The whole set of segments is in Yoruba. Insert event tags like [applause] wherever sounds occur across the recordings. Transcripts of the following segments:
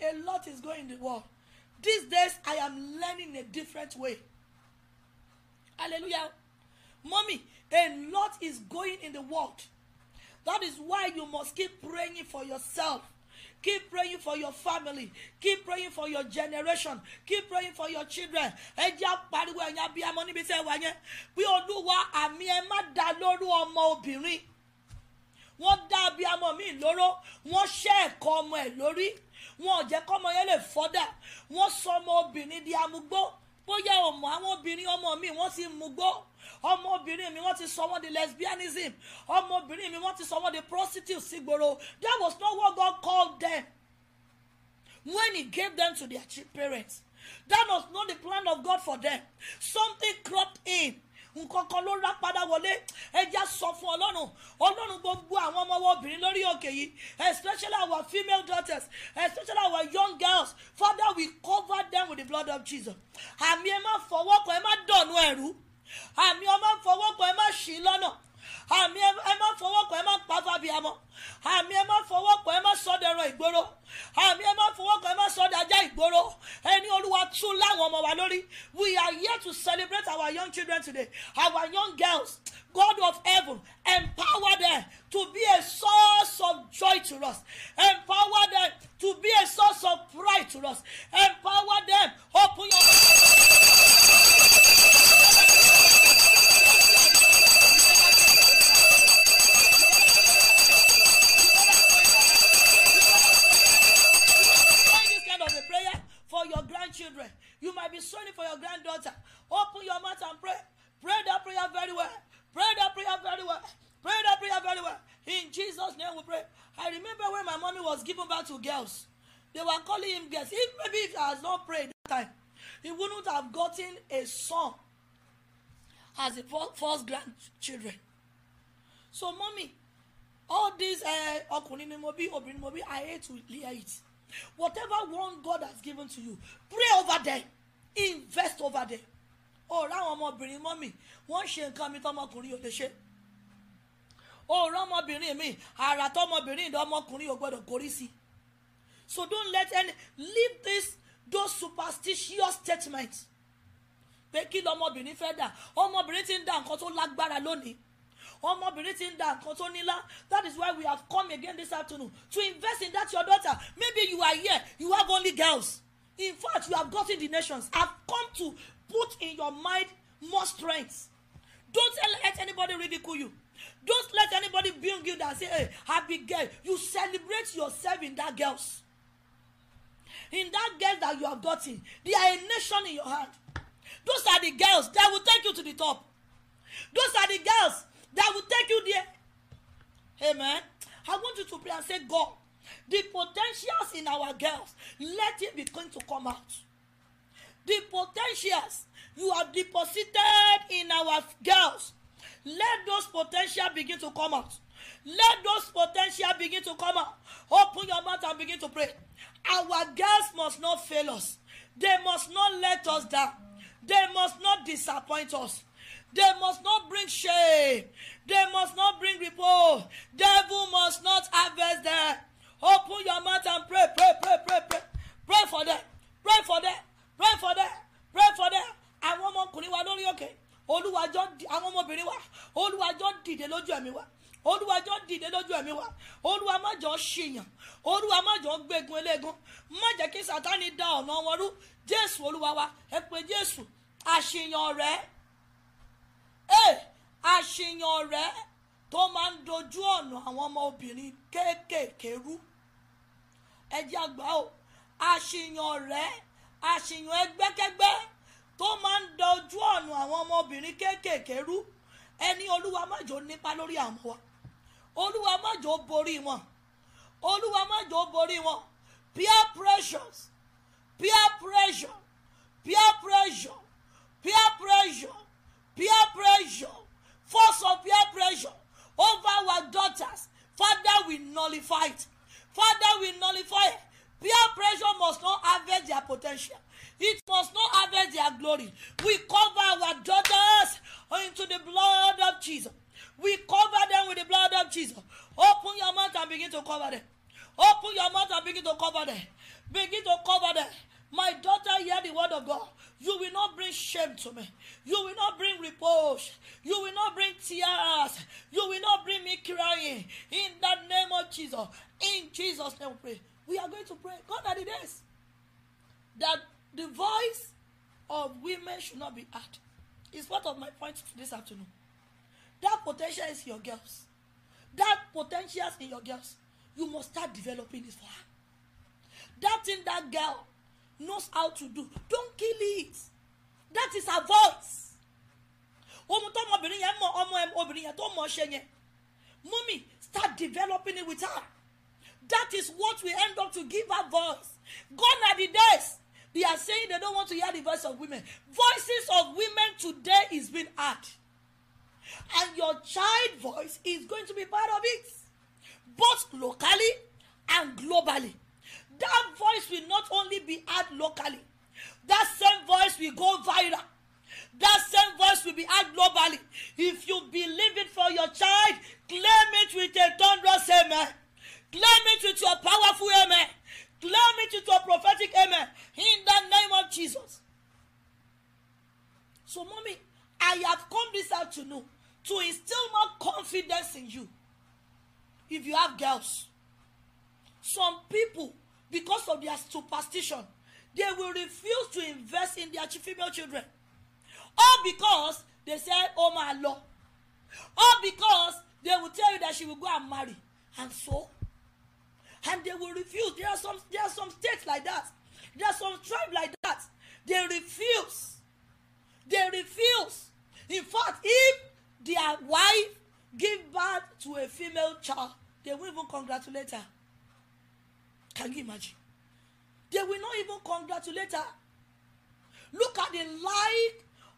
a lot is going in the world these days i am learning a different way hallelujah mommy a lot is going in the world that is why you must keep praying for yourself keep praying for your family keep praying for your generation keep praying for your children ẹ jẹ́ àpariwo ẹ̀yin abiyamọ níbi tẹ́ ẹ wà yẹn bí olúwa àmì ẹ má dá lórí ọmọ obìnrin wọ́n dá abiyamọ míì lóró wọ́n ṣẹ́ ẹ̀kọ́ ọmọ ẹ̀ lórí wọn ò jẹ́ kọ́mọ yẹn lè fọ́dà wọ́n sọ ọmọ obìnrin di amúgbó bóyá o mọ̀ àwọn obìnrin ọmọ mi wọ́n ti mugbó ọmọbìnrin mi wọ́n ti sọ wọ́n di lesbianism ọmọbìnrin mi wọ́n ti sọ wọ́n di prostitute sígboro that was not what God called them when he gave them to their parents that was not the plan of God for them something cropped in nǹkan kan ló rá padà wọlé ẹja sọ fún ọlọ́run ọlọ́run gbogbo àwọn ọmọ wa obìnrin lórí òkè yìí especially our female daughters especially our young girls father we cover them with the blood of jesus àmì ẹ má fọwọ́ kan ẹ má dọ̀nù ẹ̀rú àmì ọmọ fọwọ́ kan ẹ má ṣì lọ́nà àmì ẹ má fọwọ́ kọ ẹ má pa fábíàmọ́ àmì ẹ má fọwọ́ kọ ẹ má sọdẹ̀rọ̀ ìgboro àmì ẹ má fọwọ́ kọ ẹ má sọdẹ̀ajá ìgboro ẹni olúwa tún láwọn ọmọ wa lórí we are here to celebrate our young children today our young girls God of heaven empower them to be a source of joy to us empower them to be a source of pride to us empower them open your. be sowing for your granddaughter. Open your mouth and pray. Pray that prayer very well. Pray that prayer very well. Pray that prayer very well. In Jesus' name we pray. I remember when my mommy was given back to girls. They were calling him girls. If maybe if he has not prayed that time, he wouldn't have gotten a son as the first grandchildren. So, mommy, all these eh, ọkùnrin ni mo bí I hate to hear it. Whatever one God has given to you, pray over them invest over there òòrò àwọn ọmọbìnrin mọ́mì wọ́n ṣe nǹkan mi tọmọkùnrin ò lè ṣe òòrò ọmọbìnrin mi àrà tọmọbìnrin ọmọkùnrin ò gbọdọ̀ kórí sí so don't let any leave this those superstitious statements pé kí lọmọbìnrin fẹ́ dà ọmọbìnrin ti ń dà nǹkan tó lágbára lónìí ọmọbìnrin ti ń dà nǹkan tó nílá that is why we have come again this afternoon to invest in that your daughter maybe you are here you have only girls in fact you have gotten the nations have come to put in your mind more strength don't let anybody ridicule you don't let anybody bring you down say hey happy girl you celebrate yourself in that girls in that girl that you have gotten they are a nation in your hand those are the girls that will take you to the top those are the girls that will take you there amen i want you to pray and say god The potentials in our girls, let it be going to come out. The potentials you have deposited in our girls, let those potential begin to come out. Let those potential begin to come out. Open your mouth and begin to pray. Our girls must not fail us. They must not let us down. They must not disappoint us. They must not bring shame. They must not bring report. Devil must not harvest them. Open your mouth and pray, pray, pray, pray, pray. Pray for them. Pray for them. Pray for them. Pray for them. Àwọn ọmọkùnrin wa lórí òkè. Olúwàjọ́ àwọn ọmọbìnrin wa. Olúwàjọ́ dìde lójú ẹ̀mí wa. Olúwàjọ́ dìde lójú ẹ̀mí wa. Olúwa má jọ ṣìyàn. Olúwa má jọ gbégun eléegun. Má jẹ́ kí Sátánì da ọ̀nà wọn rú. Jésù Olúwa wa. Ẹ pé Jésù. Àṣìyàn rẹ̀. Ee àṣìyàn rẹ̀ tó máa ń dojú ọ̀nà àwọn ọmọ kéékèèké rú ẹjẹ́ àgbà o àṣìyàn rẹ̀ àṣìyàn ẹgbẹ́kẹ́gbẹ́ tó máa ń da ojú ọ̀nà àwọn ọmọbìnrin kéékèèké rú ẹni olúwa májò nípa lórí àwọn wa olúwa májò borí wọn olúwa májò borí wọn peer pressures peer pressure peer pressure peer pressure peer pressure force of peer pressure over our daughters father we nullify it. Father, will nullify it. Peer pressure must not harvest their potential. It must not harvest their glory. We cover our daughters into the blood of Jesus. We cover them with the blood of Jesus. Open your mouth and begin to cover them. Open your mouth and begin to cover them. Begin to cover them. My daughter, hear the word of God. You will not bring shame to me. You will not bring reproach. You will not bring tears. You will not bring me crying. In the name of Jesus, In Jesus' name, we pray. We are going to pray. God that it is that the voice of women should not be heard. It's part of my point this afternoon. That potential is your girls. That potential is in your girls. You must start developing it for her. That thing that girl knows how to do. Don't kill it. That is her voice. ohun tọmọbìnrin yẹn mọ ọmọ obìnrin yẹn tó mọ ṣe yẹn mummy start developing it with her That is what we end up to give our voice. Gone are the days. They are saying they don't want to hear the voice of women. Voices of women today is being heard. And your child voice is going to be part of it, both locally and globally. That voice will not only be heard locally, that same voice will go viral. That same voice will be heard globally. If you believe it for your child, claim it with a thunderous amen. Claim it with your powerful amen. Claim it with your prophetic amen. In the name of Jesus. So, mommy, I have come this afternoon to instill more confidence in you. If you have girls, some people, because of their superstition, they will refuse to invest in their female children. All because they say, Oh my Lord. All because they will tell you that she will go and marry. And so, and they will refuse there are some there are some states like that there are some tribes like that they refuse they refuse in fact if their wife give birth to a female child they won't even congratulate her can you imagine they will not even congratulate her look at the life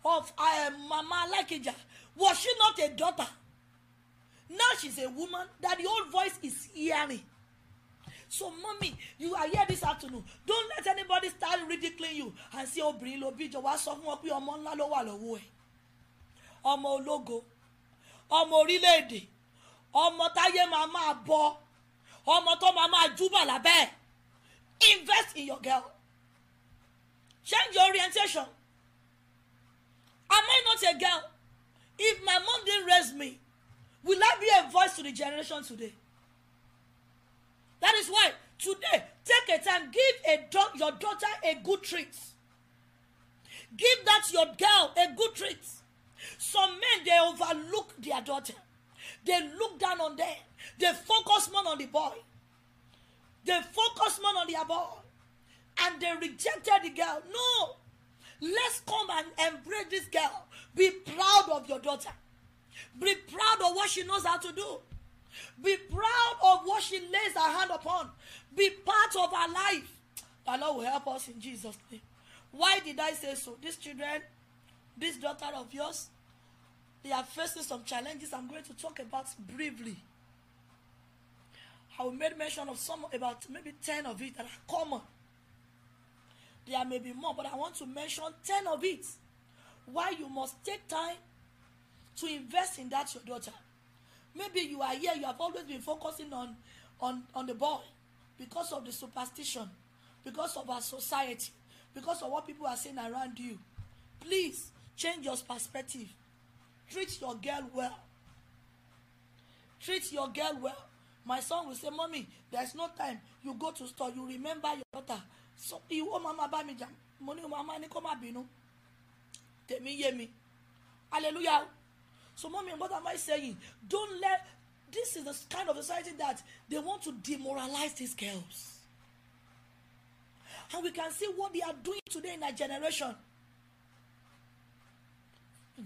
of uh, mama Alakija was she not a daughter now she's a woman that the old voice is hearing so mommy, you are here this afternoon don't let anybody start ridiculing you and say obìnrin ló bí jọ̀wọ́ sọ fún wọn pé ọmọ ńlá ló wà lọ́wọ́ ẹ̀ ọmọ ológo ọmọ orílẹ̀-èdè ọmọ táyé máa máa bọ ọmọ tó máa máa júbà lábẹ́ invest in your girl change your orientation am I not a girl if my mom didn't raise me will I be a voice to the generation today That is why today, take a time, give a do- your daughter a good treat. Give that your girl a good treat. Some men, they overlook their daughter. They look down on them. They focus more on the boy. They focus more on their boy. And they rejected the girl. No. Let's come and embrace this girl. Be proud of your daughter. Be proud of what she knows how to do. Be proud of what she lays her hand upon. Be part of her life. The Lord will help us in Jesus' name. Why did I say so? These children, this daughter of yours, they are facing some challenges I'm going to talk about briefly. I will make mention of some about maybe ten of it that are common. There may be more, but I want to mention ten of it. Why you must take time to invest in that your daughter maybe you are here you have always been focusing on on on the boy because of the superstition because of our society because of what people are saying around you please change your perspective treat your girl well treat your girl well my son will say mommy there's no time you go to store you remember your daughter so iwo mama bá mi jà mo mama ni kó má bínú Temi yé mi hallelujah. So, mommy, what am I saying? Don't let this is the kind of society that they want to demoralize these girls. And we can see what they are doing today in our generation.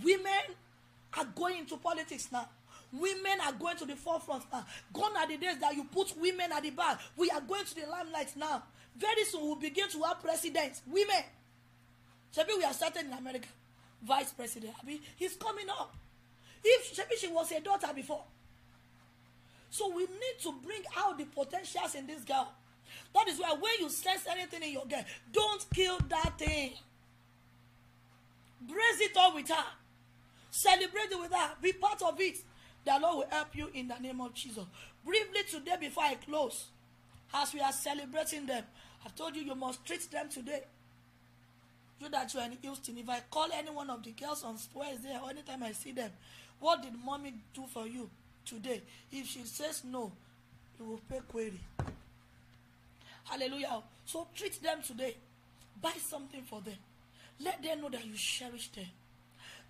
Women are going into politics now. Women are going to the forefront now. Gone are the days that you put women at the back. We are going to the limelight now. Very soon we'll begin to have presidents, women. Maybe we are starting in America. Vice president, I he's coming up if maybe she was a daughter before so we need to bring out the potentials in this girl that is why when you sense anything in your girl don't kill that thing brace it up with her celebrate it with her be part of it the lord will help you in the name of jesus briefly today before i close as we are celebrating them i told you you must treat them today You that you are in houston if i call any one of the girls on wednesday or anytime i see them what did mommy do for you today if she says no you will pay query hallelujah so treat them today buy something for them let them know that you cherish them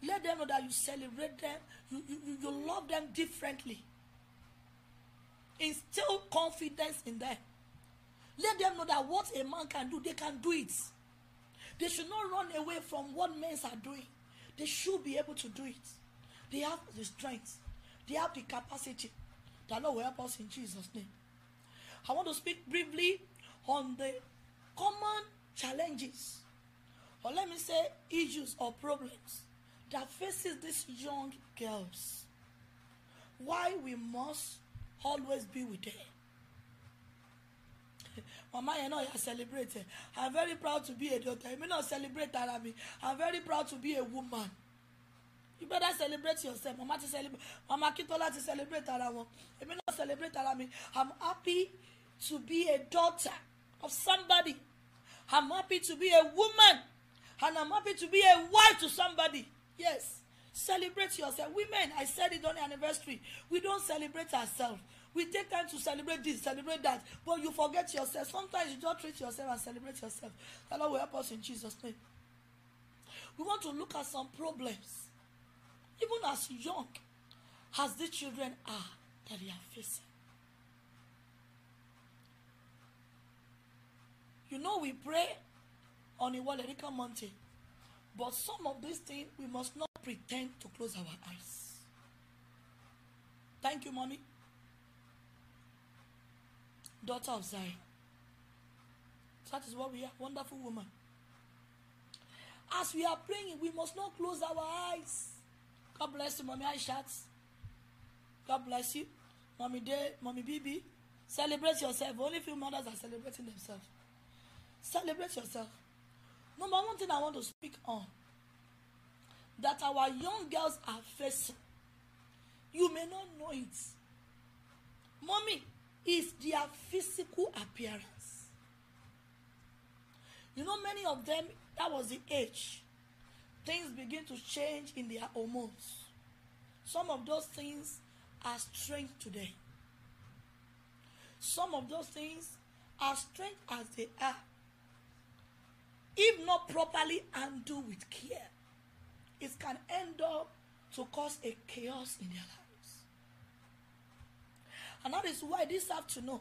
let them know that you celebrate them you you, you love them differently instill confidence in them let them know that what a man can do they can do it they should not run away from what men are doing they should be able to do it They have the strength. They have the capacity. That Lord will help us in Jesus' name. I want to speak briefly on the common challenges, or let me say issues or problems that faces these young girls. Why we must always be with them. [laughs] Mama you náà yà celebrate. I'm very proud to be a daughter. You may not celebrate that, ara mi. I'm very proud to be a woman you better celebrate yourself mama ti celebrate mama Akintola ti celebrate ara wọn èmi náà celebrate ara mi i'm happy to be a daughter of somebody i'm happy to be a woman and i'm happy to be a wife to somebody yes celebrate yourself women i said it on the anniversary we don celebrate ourselves we take time to celebrate this celebrate that but you forget yourself sometimes you just treat yourself and celebrate yourself the lord will help us in jesus name we want to look at some problems even as young as the children are that they are facing. You know, we pray on a Walerika mountain, but some of these things we must not pretend to close our eyes. Thank you, mommy. Daughter of Zion. That is what we are. Wonderful woman. As we are praying, we must not close our eyes. God bless you, Mommy I shout. God bless you. Mommy Day, Mommy BB. Celebrate yourself. Only few mothers are celebrating themselves. Celebrate yourself. Number one thing I want to speak on that our young girls are facing. You may not know it. Mommy is their physical appearance. You know, many of them, that was the age things begin to change in their hormones. Some of those things are strange to them. Some of those things are strange as they are, if not properly handled with care, it can end up to cause a chaos in their lives. And that is why this have to know.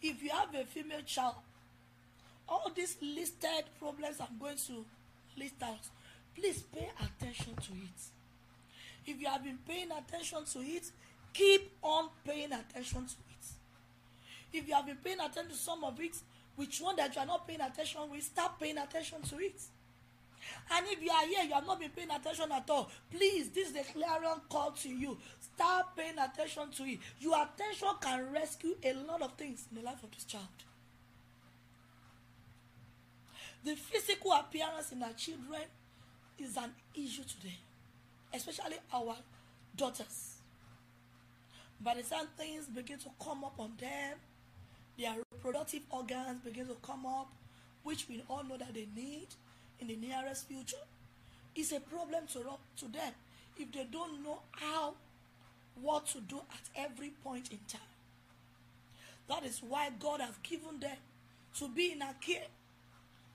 if you have a female child, all these listed problems I'm going to list out please pay attention to it if you have been paying attention to it keep on paying attention to it if you have been paying attention to some of it which one that you are not paying attention will start paying attention to it and if you are here you have not been paying attention at all please this is a clarion call to you start paying attention to it your attention can rescue a lot of things in the life of this child the physical appearance in our children is an issue today, especially our daughters. By the time things begin to come up on them, their reproductive organs begin to come up, which we all know that they need in the nearest future, is a problem to, to them if they don't know how, what to do at every point in time. That is why God has given them to be in a care,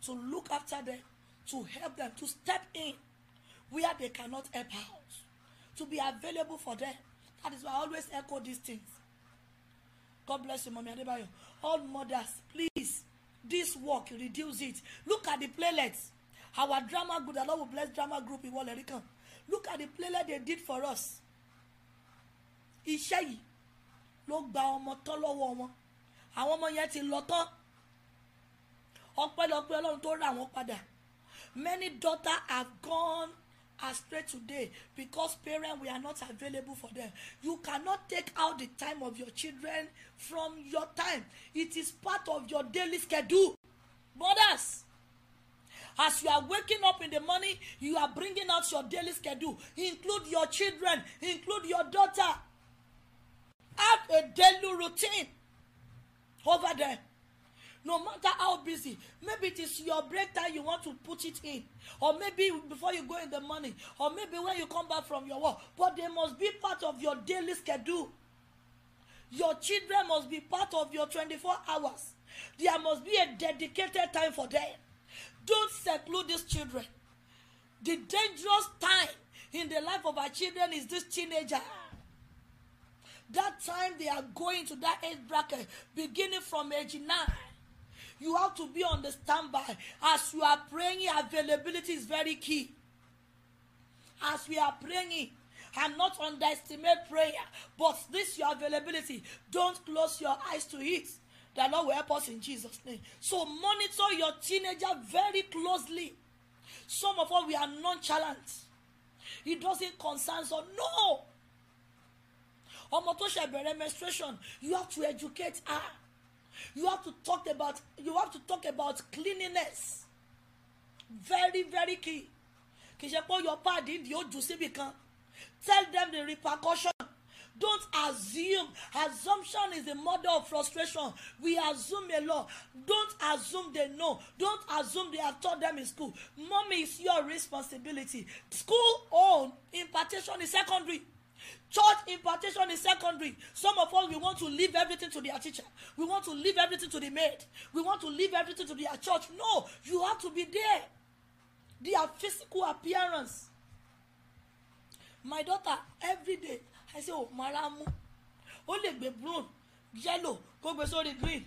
to look after them, to help them to step in where they cannot help out to be available for them that is why i always echo these things god bless you mommy. adebayo all mothers please this work reduce it look at the playlets our drama group the lord will bless drama group in iwọ lẹrikan look at the playlet they did for us iṣẹ́ yìí ló gba ọmọ tọ́ lọ́wọ́ wọn àwọn ọmọ yẹn ti lọ tán ọpẹ́lọpẹ́ ọlọ́run tó rà wọ́n padà many daughters have gone astray today because parents we are not available for them you cannot take out the time of your children from your time it is part of your daily schedule mothers as you are waking up in the morning you are bringing out your daily schedule include your children include your daughter have a daily routine over there no matter how busy maybe it is your break time you want to put it in or maybe before you go in the morning or maybe when you come back from your work but they must be part of your daily schedule your children must be part of your twenty-four hours there must be a dedicated time for them don't seclude these children the dangerous time in the life of our children is this teenager that time they are going to that age bracket beginning from age nine You have to be on the standby. As you are praying, availability is very key. As we are praying, and not underestimate prayer, but this your availability. Don't close your eyes to it. The Lord will help us in Jesus' name. So monitor your teenager very closely. Some of us we are nonchalant. It doesn't concern us. No. ọmọ tó ṣe bẹ̀rẹ̀ menstruation you have to educate her you have to talk about you have to talk about cleanliness very very key kì í ṣe pé your padi ndi ó jù síbi kan tell them the repercussion don't assume assumption is the mother of frustration we assume a lot don't assume they know don't assume they have taught them in school mommy is your responsibility school own impartation is secondary Church impartation is secondary. Some of us, we want to leave everything to their teacher. We want to leave everything to the maid. We want to leave everything to their church. No, you have to be there. Their physical appearance. My daughter, every day, I say, Oh, Maramu, ó lè gbé blue yellow kó gbé sórí green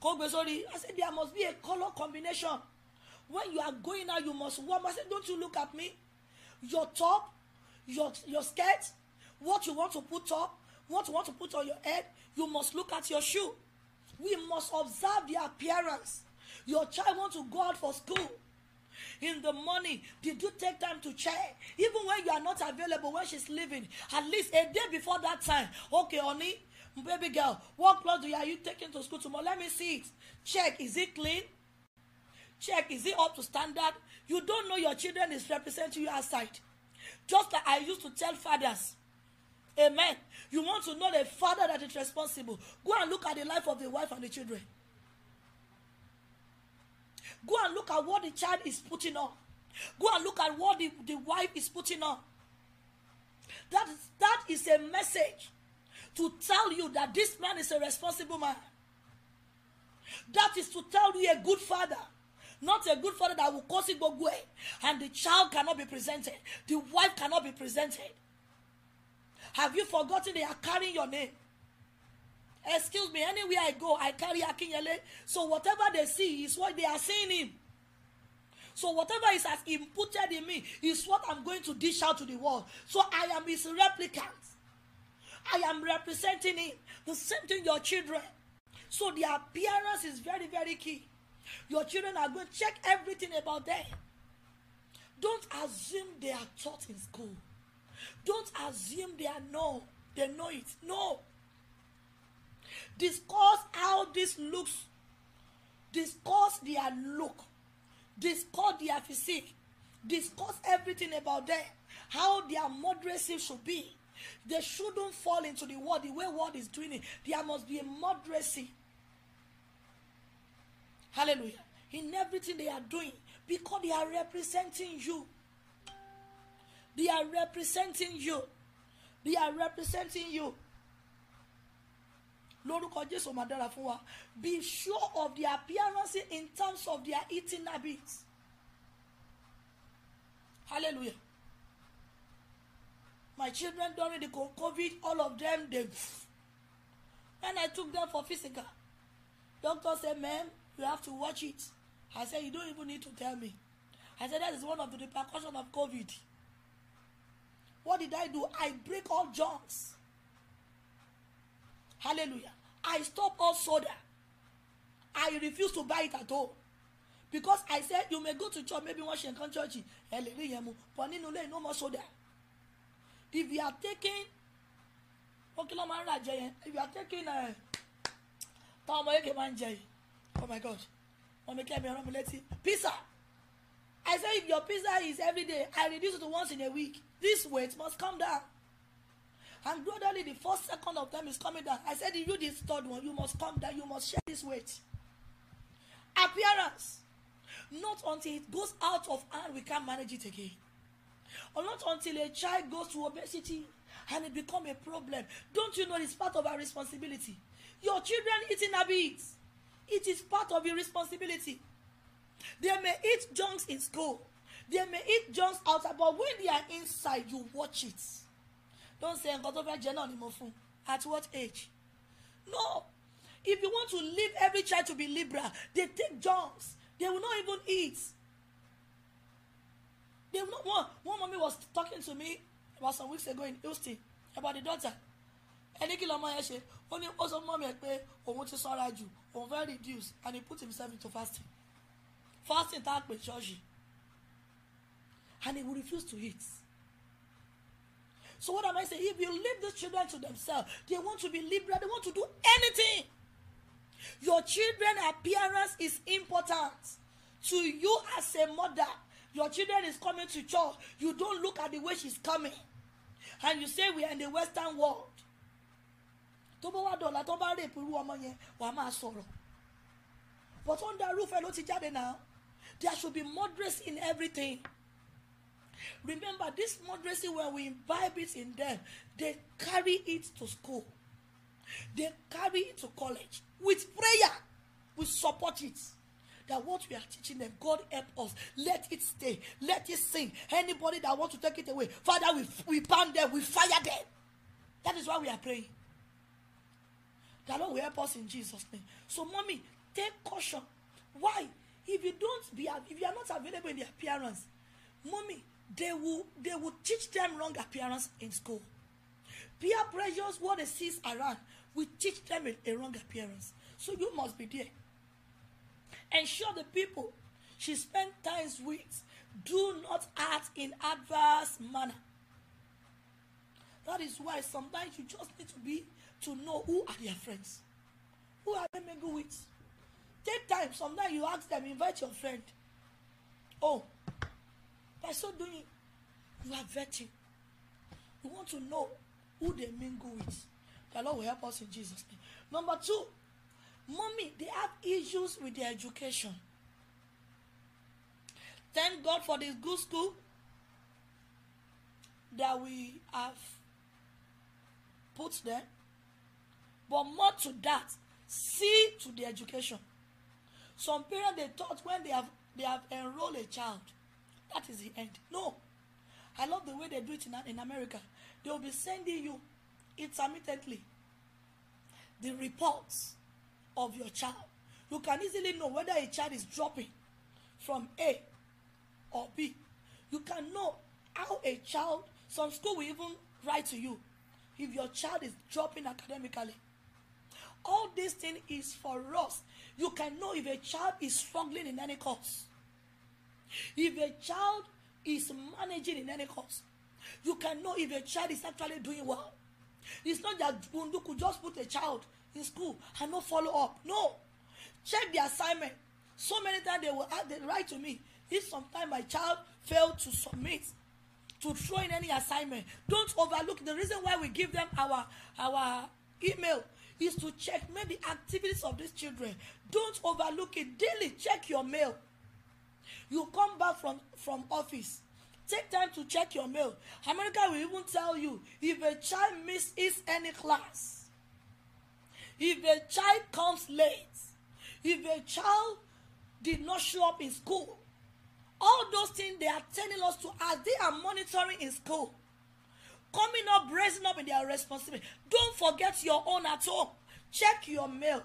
kó gbé sórí I say there must be a colour combination when you are going out you must warm I say don't you look at me your top your your skirt what you want to put up, what you want to put on your head, you must look at your shoe. We must observe the appearance. Your child want to go out for school. In the morning, did you take time to check? Even when you are not available, when she's leaving, at least a day before that time. Okay, honey, baby girl, what clothes are you taking to school tomorrow? Let me see it. Check, is it clean? Check, is it up to standard? You don't know your children is representing you outside. Just like I used to tell fathers Amen. You want to know the father that is responsible. Go and look at the life of the wife and the children. Go and look at what the child is putting on. Go and look at what the, the wife is putting on. That is, that is a message to tell you that this man is a responsible man. That is to tell you a good father not a good father that will cause it go away, and the child cannot be presented, the wife cannot be presented. have you forgotten they are carrying your name excuse me anywhere i go i carry akinyele so whatever they see is what they are seeing him so whatever is has imputed in me is what i'm going to dish out to the world so i am his replicant i am representing him the same thing your children so the appearance is very very key your children are going to check everything about them don't assume they are taught in school Don't assume they are know. They know it. No. Discuss how this looks. Discuss their look. Discuss their physique. Discuss everything about them. How their moderacy should be. They shouldn't fall into the world the way world is doing it. There must be a moderacy. Hallelujah. In everything they are doing, because they are representing you. They are representing you. They are representing you. Lórúkọ Jésù máa dára fún wa. Be sure of their appearance in terms of their eating habits. Hallelujah. My children during the COVID, all of them, they. When I took them for physical, doctor said, ma'am, you have to watch it. I said, you don't even need to tell me. I said, that is one of the repercussions of COVID. What did I do? I break all junks. Hallelujah. I stop all soda. I refuse to buy it at all. Because I said you may go to church, maybe once you come church, but no more soda. If you are taking okay, no man if you are taking uh oh my god. Pizza. I said if your pizza is every day, I reduce it to once in a week. This weight must come down. And gradually, the first second of them is coming down. I said, You, this third one, you must come down. You must share this weight. Appearance. Not until it goes out of hand, we can manage it again. Or not until a child goes to obesity and it become a problem. Don't you know it's part of our responsibility? Your children eating habits. It is part of your responsibility. They may eat junks in school they may eat John's outside but when they are inside you watch it don't say nǹkan tó fẹ́ jẹ náà ni mo fún at what age no if you want to leave every child to be liberal they take John's they will not even eat they will not one one mommy was talking to me about some weeks ago in Houston about the daughter ẹni kí lọmọ yẹn ṣe ó ní ó sọ mọ́ mi ẹ̀ pé òun ti sanra jù òun fẹ́ reduce and he put himself into fasting fasting tá a pè ṣọ́ọ̀ṣì and he will refuse to eat. So what am I saying? If you leave these children to themselves, they want to be liberal, they want to do anything. Your children appearance is important to you as a mother. Your children is coming to church. You don't look at the way she's coming. And you say we are in the western world. tó bá wá but under roof ẹ ló ti jáde there should be moderacy in everything. Remember, this moderacy, when we imbibe it in them, they carry it to school, they carry it to college with prayer. We support it. That what we are teaching them, God help us. Let it stay. Let it sing. Anybody that wants to take it away, Father, we, we burn them, we fire them. That is why we are praying. The Lord will help us in Jesus' name. So, mommy, take caution. Why? If you don't be, if you are not available in the appearance, mommy, they will they will teach them wrong appearance in school peer pressures what they see around will teach them a, a wrong appearance so you must be there ensure the people she spend times with do not act in adverse manner that is why sometimes you just need to be to know who are their friends who are they mingle with take time sometimes you ask them invite your friend oh By so doing, you are vetting. You want to know who they mingle with. The Lord will help us in Jesus' name. Number two, mommy, they have issues with their education. Thank God for this good school that we have put there. But more to that, see to the education. Some parents they thought when they have they have enrolled a child that is the end. No. I love the way they do it in, in America. They will be sending you intermittently the reports of your child. You can easily know whether a child is dropping from A or B. You can know how a child, some school will even write to you if your child is dropping academically. All this thing is for us. You can know if a child is struggling in any course. If a child is managing in any course, you can know if a child is actually doing well. It's not that you could just put a child in school and not follow up. No. Check the assignment. So many times they will add, they write to me. If sometimes my child failed to submit, to throw in any assignment, don't overlook. The reason why we give them our our email is to check maybe activities of these children. Don't overlook it daily. Check your mail you come back from from office take time to check your mail america will even tell you if a child misses any class if a child comes late if a child did not show up in school all those things they are telling us to as they are monitoring in school coming up raising up in their responsibility don't forget your own at home check your mail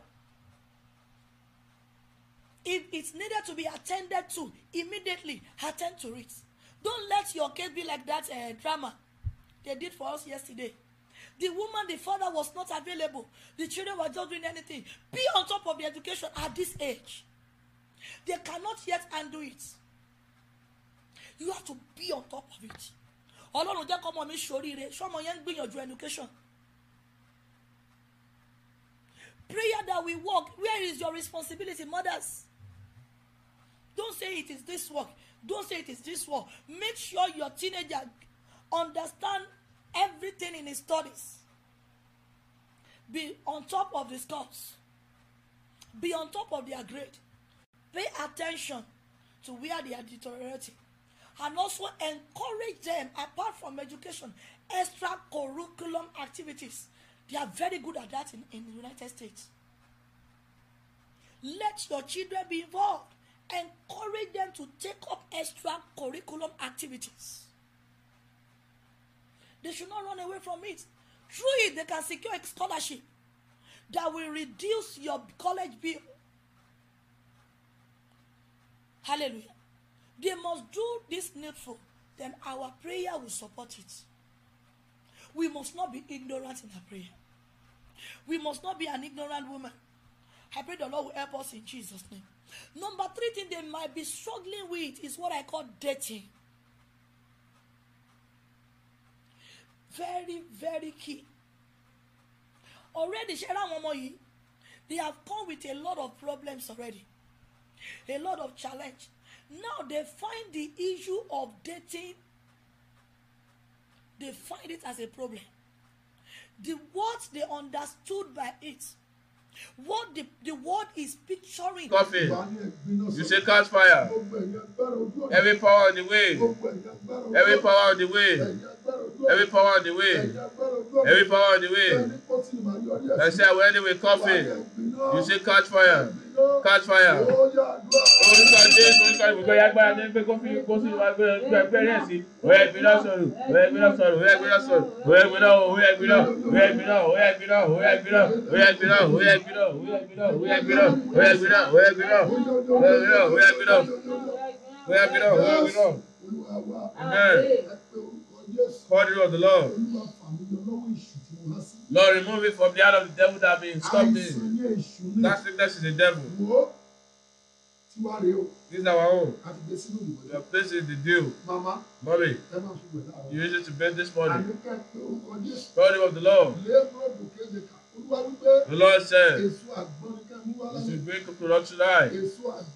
If it's needed to be attended to immediately attend to it don't let your case be like that uh, drama they did for us yesterday the woman the father was not available the children were just doing anything be on top of the education at this age they cannot yet undo it you have to be on top of it ọlọ́run jẹ́ kọ́mọ mi ṣoríire ṣọ́mọ yẹn ń gbìyànjú education prayer that we work where is your responsibility mothers Don't say it is this work. Don't say it is this work. Make sure your teenager understand everything in his studies. Be on top of the scores. Be on top of their grade. Pay attention to where they are deteriorating. And also encourage them, apart from education, extracurriculum activities. They are very good at that in, in the United States. Let your children be involved encourage them to take up extra curriculum activities. They should not run away from it. Through it, they can secure a scholarship that will reduce your college bill. Hallelujah. They must do this needful, then our prayer will support it. We must not be ignorant in our prayer. We must not be an ignorant woman. I pray the Lord will help us in Jesus' name. Number three thing they might be struggling with is what I call dating. Very, very key. Already, ṣẹ́ra àwọn they have come with a lot of problems already, a lot of challenge. Now they find the issue of dating, they find it as a problem. The words they understood by it What the, the word is picturing. Coffee. You say catch fire. Every power on the way. Every power on the way. Every power on the way. Every power on the way. I say, I will anyway. coffee? You say catch fire catch fire orúkọ jésù orúkọ ìbùkún ẹ̀yà agbára ní pé kó fi kó sí ìwà gbẹ̀rẹ̀ sí òyà ìgbìnà sọ̀rọ̀ òyà ìgbìnà sọ̀rọ̀ òyà ìgbìnà sọ̀rọ̀ òyà ìgbìnà òyà ìgbìnà òyà ìgbìnà òyà ìgbìnà òyà ìgbìnà òyà ìgbìnà òyà ìgbìnà òyà ìgbìnà òyà ìgbìnà òyà ìgbìnà òyà ìgbìnà òyà ìgbìnà òyà ìgbìnà Amen. Call the Lord. Lord, remove it from the hand of the devil that may stop this. That sickness is the devil. This is our own. Your place is the deal. Mama, Mommy, you used it to bed this morning. Body of the Lord. The Lord said, You should bring to coconut tonight.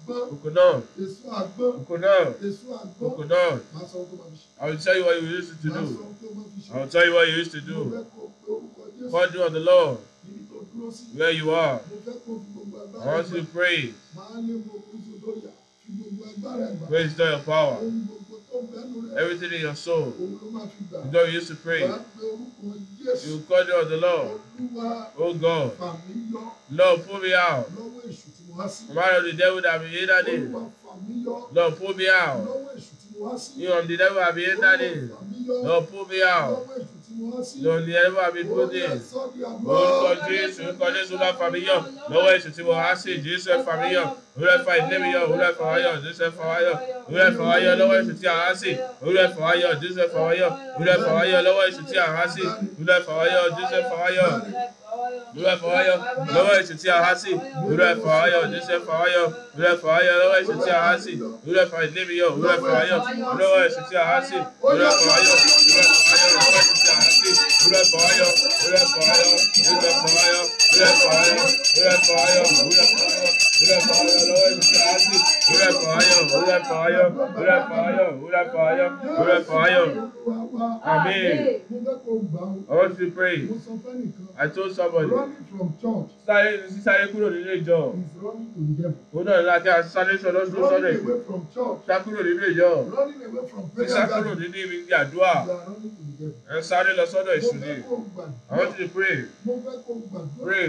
Coconut. Coconut. Coconut. I will tell you what you used to do. I will tell you what you used to do you on the Lord, where you are. I want you to pray. Praise God, your power. Everything in your soul. You don't use to pray. You call you on the Lord. Oh God. Lord, pull me out. Come out of the devil that I'm in that day. Lord, pull me out. You on the devil I'm in that day. Lord, pull me out lòní ẹni wà mí dúró dé orúkọ jésù orúkọ jésù bá fa mi yọ lọ́wọ́ èṣù tí wọ́n á sì jésù ẹ̀ fa mi yọ òru ẹ̀fà ìdílé mi yọ òru ẹ̀fà wáyọ jésù ẹ̀fà wáyọ òru ẹ̀fà wáyọ lọ́wọ́ èṣù tí a á sì òru ẹ̀fà wáyọ jésù ẹ̀fà wáyọ òru ẹ̀fà wáyọ lọ́wọ́ èṣù tí a á sì òru ẹ̀fà wáyọ jésù ẹ̀fà wáyọ lórí ẹ̀fọ́ ayọ̀ lọ́wọ́ èsì tí a há sí lórí ẹ̀fọ́ ayọ̀ oníṣẹ́ ẹ̀fọ́ ayọ̀ lórí ẹ̀fọ́ ayọ̀ lọ́wọ́ èsì tí a há sí lórí ẹ̀fọ́ ìdílé mi yọ̀ lórí ẹ̀fọ́ ayọ̀ lọ́wọ́ èsì tí a há sí lórí ẹ̀fọ́ ayọ̀ lórí ẹ̀fọ́ ayọ̀ lọ́wọ́ èsì tí a há sí. Ule fire, ule fire, ule fire, ule fire, ule fire, ule fire. Ule fire, Lord, bless it. Ule fire, ule Amen. I want to pray. I told somebody. Sáré sísáré kúrò nílé ìjọ. Ó náà ní láti sáré sọ lọ́sùn sọ́dẹ̀. Sá kúrò nílé ìjọ. Sísá kúrò nílé ibi àdúrà ẹ sáré lọ sọ́dọ̀ ìṣúlẹ̀ i want you to pray pray.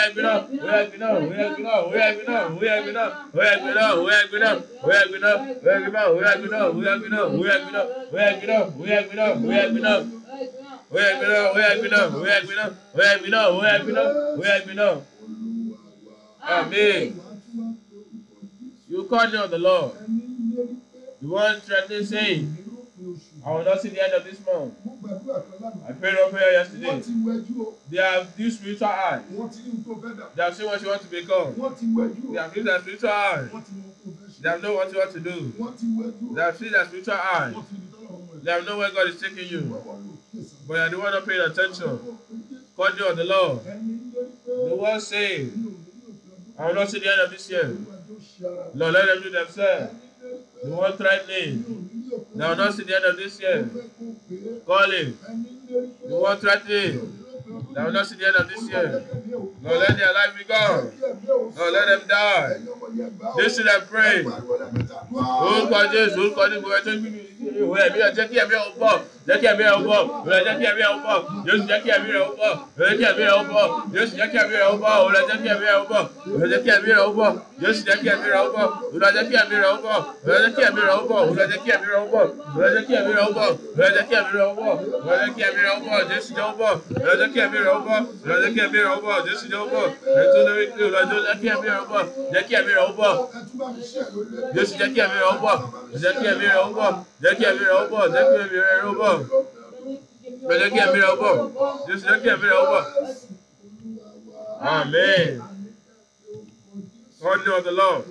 Oya gbiná, oya gbiná, oya gbiná, oya gbiná, oya gbiná, oya gbiná, oya gbiná, oya gbiná, oya gbiná, oya gbiná, oya gbiná, oya gbiná, oya gbiná, oya gbiná, oya gbiná. Oya gbiná, oya gbiná, oya gbiná, oya gbiná, oya gbiná, oya gbiná. Amen. You call on the Lord. The one threatening saying, I will not see the end of this month. I prayed up prayer yesterday. They have these spiritual eyes. They have seen what you want to become. They have seen that spiritual eyes. They have known what you want to do. They have seen that spiritual eyes. They have known where God is taking you. But you are the one not paying attention. God you on the Lord. The world say, I will not see the end of this year. Lord, let them do themselves. The world threatening. Now will not see the end of this year. Call him. You want tragedy. They will not see the end of this year. No, let their life be gone. No, let them die. This is a prayer. Orúkọ Jésù, orúkọ ní gbogbo ẹjọ́ gbígbé ìwé ẹ̀mí ọ̀jẹ́ kí ẹ̀mí ọ̀pọ̀ jẹ́ kí ẹ̀mí rẹ̀ ó bọ̀ òun jẹ́ kí ẹ̀mí rẹ̀ ó bọ̀ Jésù jẹ́ kí ẹ̀mí rẹ̀ ó bọ̀ òun jẹ́ kí ẹ̀mí rẹ̀ ó bọ̀ Jésù jẹ́ kí ẹ̀mí rẹ̀ ó bọ̀ òun jẹ́ kí ẹ̀mí rẹ̀ ó bọ̀ òun jẹ́ kí ẹ̀mí rẹ̀ ó bọ̀ Jésù jẹ́ kí ẹ̀mí rẹ̀ ó bọ̀ òun jẹ́ kí ẹ̀mí rẹ̀ ó bọ̀ òun jẹ́ kí ẹ̀mí rẹ̀ ó bọ̀ òun jẹ́ kí ẹ̀mí rẹ̀ ó bọ̀ òun jẹ́ kí ẹ̀mí rẹ̀ ó bọ̀ òun jẹ́ kí ẹ̀mí rẹ̀ ó bọ̀ òun jẹ́ kí ẹ̀mí rẹ̀ ó bọ̀ Jésù jẹ́ ó bọ̀ òun jẹ́ kí ẹ̀mí rẹ̀ ó bọ̀ òun jẹ́ kí ẹ̀mí rẹ̀ ó bọ̀ Jésù jẹ́ ó bọ̀ ètò lórí pé òun jẹ́ kí ẹ̀mí rẹ̀ ó bọ̀ jẹ́ kí ẹ̀mí rẹ̀ ó bọ̀ Jésù jẹ́ kí ẹ̀mí rẹ̀ ó bọ̀ jẹ́ kí ẹ̀mí rẹ̀ ó bọ̀ jẹ́ kí ẹ̀mí rẹ̀ ó bọ̀ jẹ́ kí ẹ̀mí rẹ̀ ó bọ̀ bọ̀ pẹ̀lú kí ẹ̀mí rẹ̀ bọ̀ Jésù jẹ́ kí ẹ̀mí rẹ̀ bọ̀ amen God knows the Lord.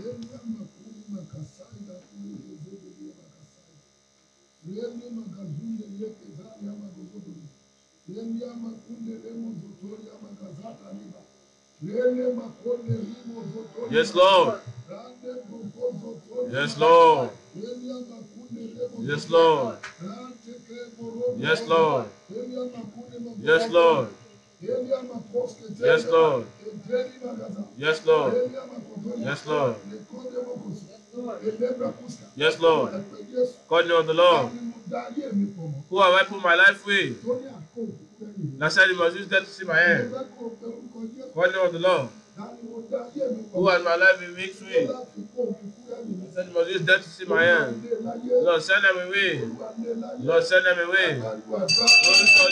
Yes, Lord. Yes, Lord. Yes, Lord. Yes, Lord. Yes, Lord. Yes, Lord. Yes, Lord. Yes, Lord. Yes, Lord. God, you are the Lord. Who have I put my life with? That said, you must use that to see my hand. God, you are the Lord. Who has my life been mixed with? That said, you must use that to see my hand. Lord, send them away. lọ sẹ́lẹ̀ mi wé orúkọ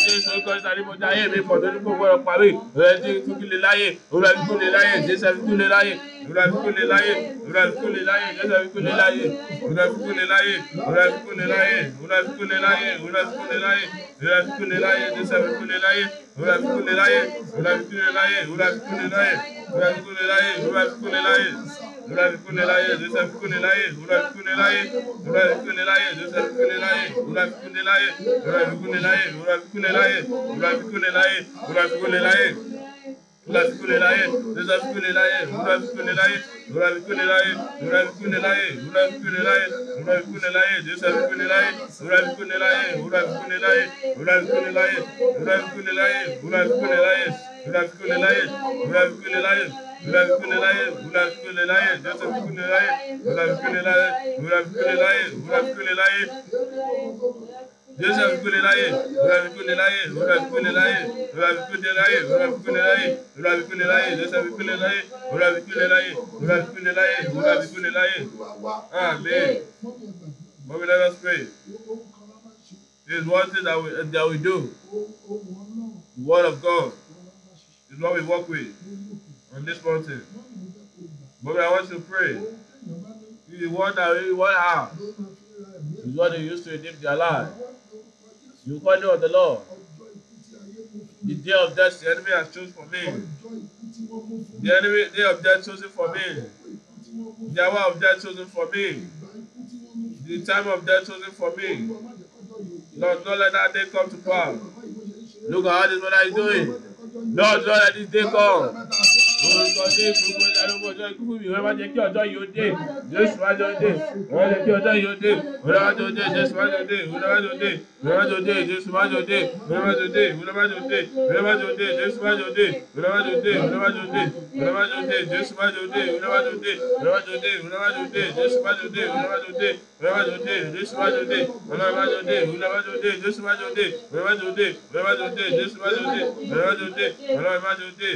jésù orúkọ jésù àdìmọ̀ ní ayé mi pọ̀ lórí gbogbo ọ̀rọ̀ parí rẹ̀ ti túkìlẹ̀ láyé òwúrọ̀ fi kúlẹ̀ láyé jésù fi kúlẹ̀ láyé òwúrọ̀ fi kúlẹ̀ láyé òwúrọ̀ fi kúlẹ̀ láyé jésù fi kúlẹ̀ láyé òwúrọ̀ fi kúlẹ̀ láyé òwúrọ̀ fi kúlẹ̀ láyé òwúrọ̀ fi kúlẹ̀ láyé òwúrọ̀ fi kúlẹ̀ láyé òwúrọ̀ fi kúlẹ̀ láyé jésù fi kúlẹ̀ láyé òwúrọ̀ fi kúlẹ̀ láyé òwúrọ̀ fi kúlẹ̀ láyé òwúrọ̀ fi kúlẹ̀ láyé òwúrọ̀ fi kúlẹ̀ láyé òwúrọ̀ fi kúlẹ̀ láyé. Ulavikulelaye, Josephkulelaye, Ulavikulelaye, Ulavikulelaye, Josephkulelaye, Ulavikulelaye, Ulavikulelaye, Ulavikulelaye, Ulavikulelaye, Ulavikulelaye. Ulavikulelaye, Josephkulelaye, Ulavikulelaye, Ulavikulelaye, Ulavikulelaye, Ulavikulelaye, Ulavikulelaye, Josephkulelaye, Ulavikulelaye, Ulavikulelaye, Ulavikulelaye, Ulavikulelaye, Ulavikulelaye, Ulavikulelaye, Ulavikulelaye. münafikünlere, münafikünlere, münafikünlere, münafikünlere, münafikünlere, münafikünlere, Jésù àfikúnlé láyé, Olú àfikúnlé láyé, Olú àfikúnlé láyé, Olú àfikúnlé láyé, Olú àfikúnlé láyé, Olú àfikúnlé láyé, Jésù àfikúnlé láyé, Olú àfikúnlé láyé, Olú àfikúnlé láyé, Olú àfikúnlé láyé. Amen. Mommy, let us pray. This is one thing that we, that we do. The Word of God is what we work with on this mountain. baby, I want to pray. You the one that really want out. You want to use to redeem their life. You call of the Lord. The day of death the enemy has chosen for me. The enemy day of death chosen for me. The hour of death chosen for me. The time of death chosen for me. Lord, don't let that day come to pass. Look at how this man is doing. Lord, don't let this day come. vous gbogbo ìdánimọ̀ ọjọ́ ikú fún mi dé dé dé dé dé dé dé dé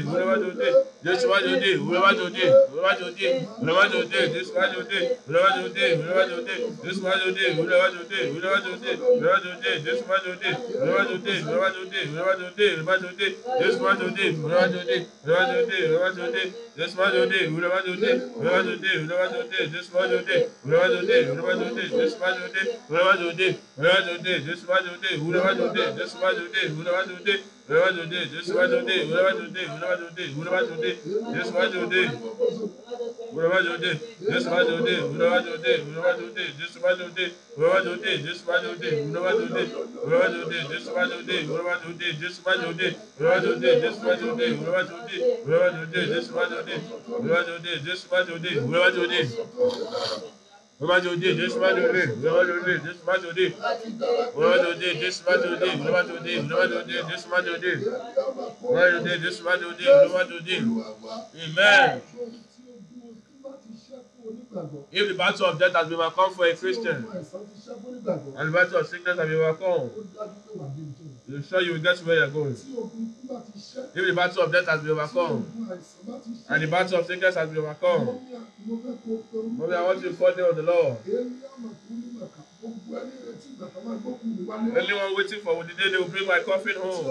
dé dé dé dé bless what you do, whatever you do, whatever you do, whatever you do, this what you do, whatever you do, whatever you do, this what you do, whatever you do, whatever you do, whatever you do, this what you do, whatever you do, whatever you do, whatever you do, whatever you do, this what you do, whatever you do, whatever you do, whatever you do, this what you do, whatever you do, whatever you do, whatever you do, this what you do, whatever you do, whatever you do, this what you do, whatever you do, whatever you do, this what you do, whatever you do, this what you do, whatever you do. 와주디 예수 와주디 우리 와주디 우리 와주디 우리 와주디 예수 와주디 우리 와주디 예수 와주디 우리 와주디 우리 와주디 예수 와주디 우리 와주디 예수 와주디 우리 와주디 우리 와주디 예수 와주디 우리 와주디 예수 와주디 우리 와주디 예수 와주디 우리 와주디 우리 와주디 예수 와주디 우리 와주디 예수 와주디 우리 와주디 Jésù máa ti òde, Jésù máa ti òde, Jésù máa ti òde, Jésù máa ti òde, Jésù máa ti òde, Jésù máa ti òde, Jésù máa ti òde, Jésù máa ti òde, Amen. If the battle of death has been overcome for a Christian, and the battle of sickness has been overcome, you sure you will get where you're going. If the battle of death has been overcome, and the battle of sickness has been overcome, Maybe I want you to call them on the Lord. Anyone waiting for the day they will bring my coffin home.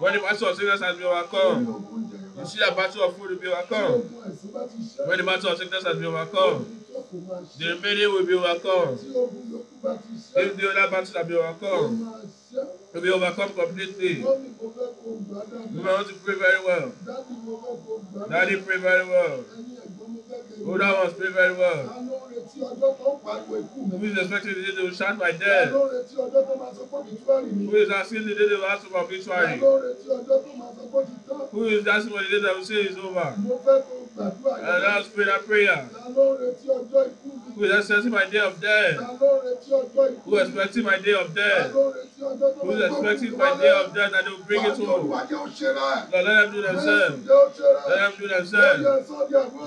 When the matter of sickness has been overcome, you see the battle of food will be overcome. When the matter of sickness has been overcome, the remaining will be overcome. If the other battles have been overcome, to be overcome completely. You want to pray very well. Daddy, pray very well. Oh, that was played very well. Who is expecting the day they will shout my death? Who is asking the day they will ask for obituary? Who is asking for the day that will say it's over? And that's that prayer who is expecting my day of death, who is expecting my day of death, who is expecting my day of death, and they will bring it home. Lord, let them do themselves. Let them do themselves.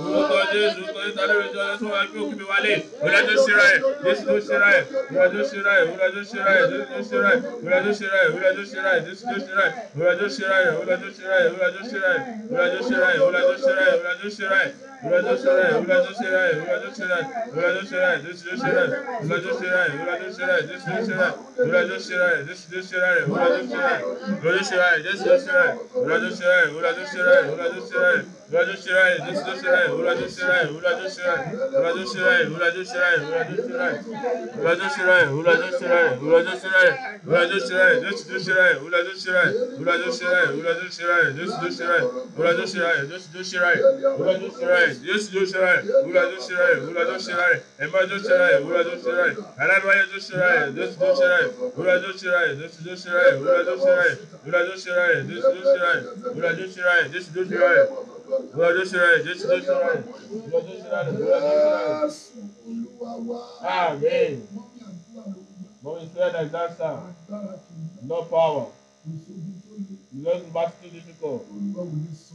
Orúkọ Jésù kò ní tàbí ìjọ ọjọ́ tó wà kí òkú mi wálé. Olùdájọ́ ṣera ẹ̀, Jésù ló ṣera ẹ̀, olùdájọ́ ṣera ẹ̀, olùdájọ́ ṣera ẹ̀, Jésù ló ṣera ẹ̀, olùdájọ́ ṣera ẹ̀, olùdájọ́ ṣera ẹ̀, Jésù ló ṣera ẹ̀, olùdájọ́ ṣera ẹ̀, olùdájọ́ ṣera ẹ̀, olùdájọ́ ṣera ẹ̀, olùdájọ́ ṣera ẹ̀, olùdájọ́ ṣera ẹ̀, olùdájọ́ ṣera ẹ̀, Ura do Sarai, Ura do Sarai, Ura do Sarai, Ura do Sarai, this do Sarai, Ura do Sarai, Ura do Sarai, this do Sarai, Ura do Sarai, this do Sarai, Ura do Sarai, Ura do Sarai, this do Sarai, Ura do Sarai, Ura do Sarai, Ura do Sarai, Ulájú ṣíra ẹ̀, Jésù ṣíra ẹ̀, Ulájú ṣíra ẹ̀, Ulájú ṣíra ẹ̀, Ulájú ṣíra ẹ̀, Ulájú ṣíra ẹ̀, Ulájú ṣíra ẹ̀, Ulájú ṣíra ẹ̀, Ulájú ṣíra ẹ̀, Ulájú ṣíra ẹ̀, Jésù ṣíra ẹ̀, Ulájú ṣíra ẹ̀, Ulájú ṣíra ẹ̀, Ulájú ṣíra ẹ̀, Jésù ṣíra ẹ̀, Ulájú ṣíra ẹ̀, Jésù ṣíra ẹ̀, Ulájú ṣíra ẹ̀, Jésù ṣíra ẹ̀, Ulájú ṣíra ẹ̀, Ulájú ṣíra ẹ̀, Ẹ̀májú ṣíra ẹ̀, Ulájú ṣíra ẹ̀, Alábáyé tó ṣíra ẹ̀, Jésù ṣíra ẹ̀, Ulájú ṣíra ẹ̀, Jésù ṣíra ẹ̀, Ulájú ṣíra ẹ̀, Ulájú ṣíra ẹ̀, Jésù ṣíra ẹ̀, Ulájú ṣíra ẹ̀, Jésù ṣíra Lord Jésù rẹ̀, Jésù Jésù rẹ̀, Lord Jésù rẹ̀, Olúwa Jésù rẹ̀. Amen. Mọ̀mí said like that sir, no power. Because the battle too difficult.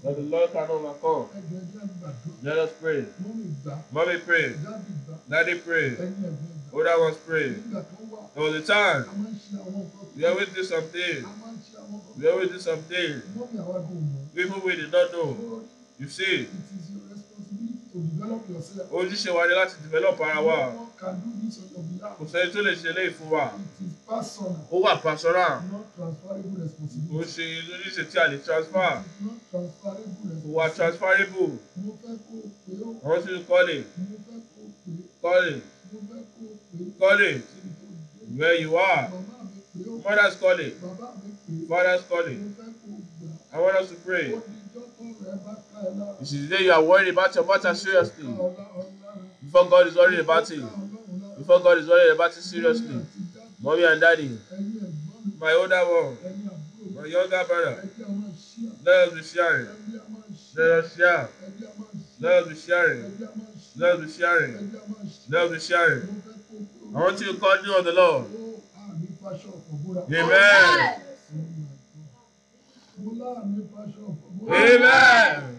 That the Lord can overcome. Let us pray. Mommy pray. Daddy pray. Older ones pray. There was a time. We always do something. We always do something. People we did not know. You fail. It is your responsibility to wa ni láti develop ara wa. can do this on your behalf. Kò sẹ́ni tó lè ṣe eléyìí fún wa. It is personal. Ó wà personal. Not Ó ṣe ojúṣe tí a lè transfer. It responsibility. Kò wà transferable. Mo fẹ́ kó o pé o. Wọ́n ti kọ́lé. Mo fẹ́ kó o pé. Kọ́lé. Kọ́lé. Where you are. Màmá mi Mother's calling. Bàbá mi calling. I want us to pray. This is the day you are worried about your matter seriously. Before God is worried about it. Before God is worried about it seriously. Mommy and daddy. My older one. My younger brother. Let us be sharing. Let us share. Let us be sharing. Let us be sharing. Let us be sharing. I want you to call you on the Lord. Amen. Amen.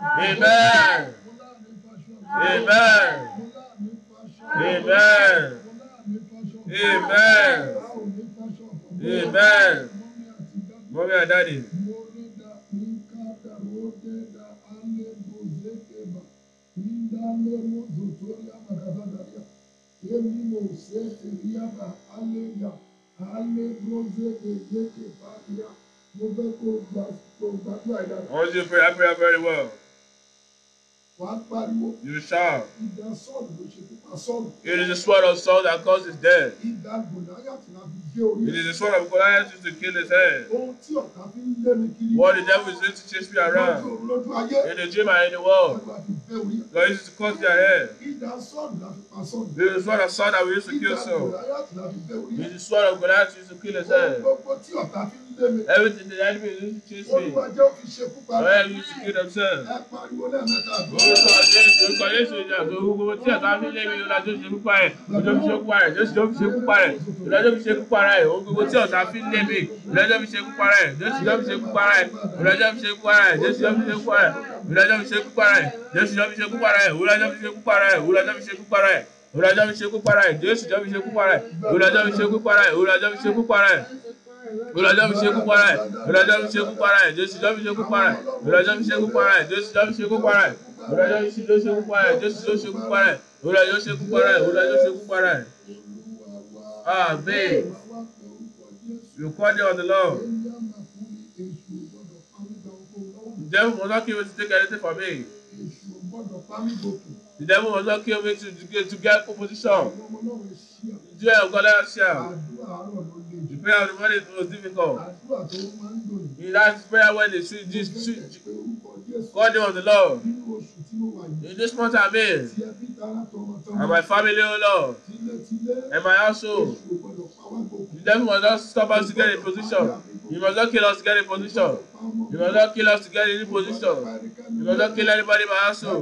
Amen. Amen. Amen. Amen. Amen. Mọ́mí àdáde. Emi mo se eriaba aleya ale very well you shall. it is the sword of Saul that causes death. it is the sword of Goliath used to kill his head. what the devil is used to chase me around. in the gym and in the world. àgbà fi God used to cut their head. it is the sword of Saul that we used to kill Saul. it is the sword of Goliath used to kill his head. Everything the enemy is using to chase me. Ọ̀rọ̀ ẹ̀rù ti kill themselves. Orúkọ Jésù orúkọ Jésù ìjà àti orúkọ tí ẹ̀ka fi lé mi lọ́la tó ṣe púpà rẹ̀. Ọjọ́ fi ṣe púpà rẹ̀. Jésù tó fi ṣe púpà rẹ̀. Ìlọ́jọ́ fi ṣe púpà rẹ̀. Ohun gbogbo tí ọ̀tá fi lé mi. Ìlọ́jọ́ fi ṣe púpà rẹ̀. Jésù tó fi ṣe púpà rẹ̀. Ìlọ́jọ́ fi ṣe púpà rẹ̀. Jésù tó fi ṣe púpà rẹ̀. Ìlọ́jọ́ fi ṣe púpà rẹ̀. Jésù tó fi ṣe púpà rẹ̀. Ìlọ́jọ́ fi ṣe púpà rẹ̀. Ìlọ́jọ́ fi ṣe púpà rẹ̀. Ìlọ́jọ́ fi ṣe púpà rẹ̀. Jésù tó fi ṣe púpà rẹ̀. Ìlọ́jọ́ fi ṣe púpà rẹ̀. Ìlọ́jọ́ fi ṣe púpà rẹ̀ olùdájọ́ fi ṣe kúkú ara ẹ̀ fi ṣe kúkú ara jésù jọ́ fi ṣe kúkú ara ẹ̀ fi ṣe kúkú ara jésù jọ́ fi ṣe kúkú ara ẹ̀ fi ṣe kúkú ara ẹ̀ jésù jọ́ ṣe kúkú ara ẹ̀ olùdájọ́ ṣe kúkú ara ẹ̀ olùdájọ́ ṣe kúkú ara ẹ̀ amen you call there on the lord the devil must not kill me to take anything from me the devil must not kill me to to get to get full position the God let us share prayer of the morning was difficult. He asked prayer when they see Jesus, God name of the Lord. In this month I'm in, and my family, O oh Lord, and my household, you just must not stop us to get a position. You must not kill us to get a position. You must not kill us to get any position ìgbọ́dọ̀ kí lẹ́nìbọ́dì máa sùn.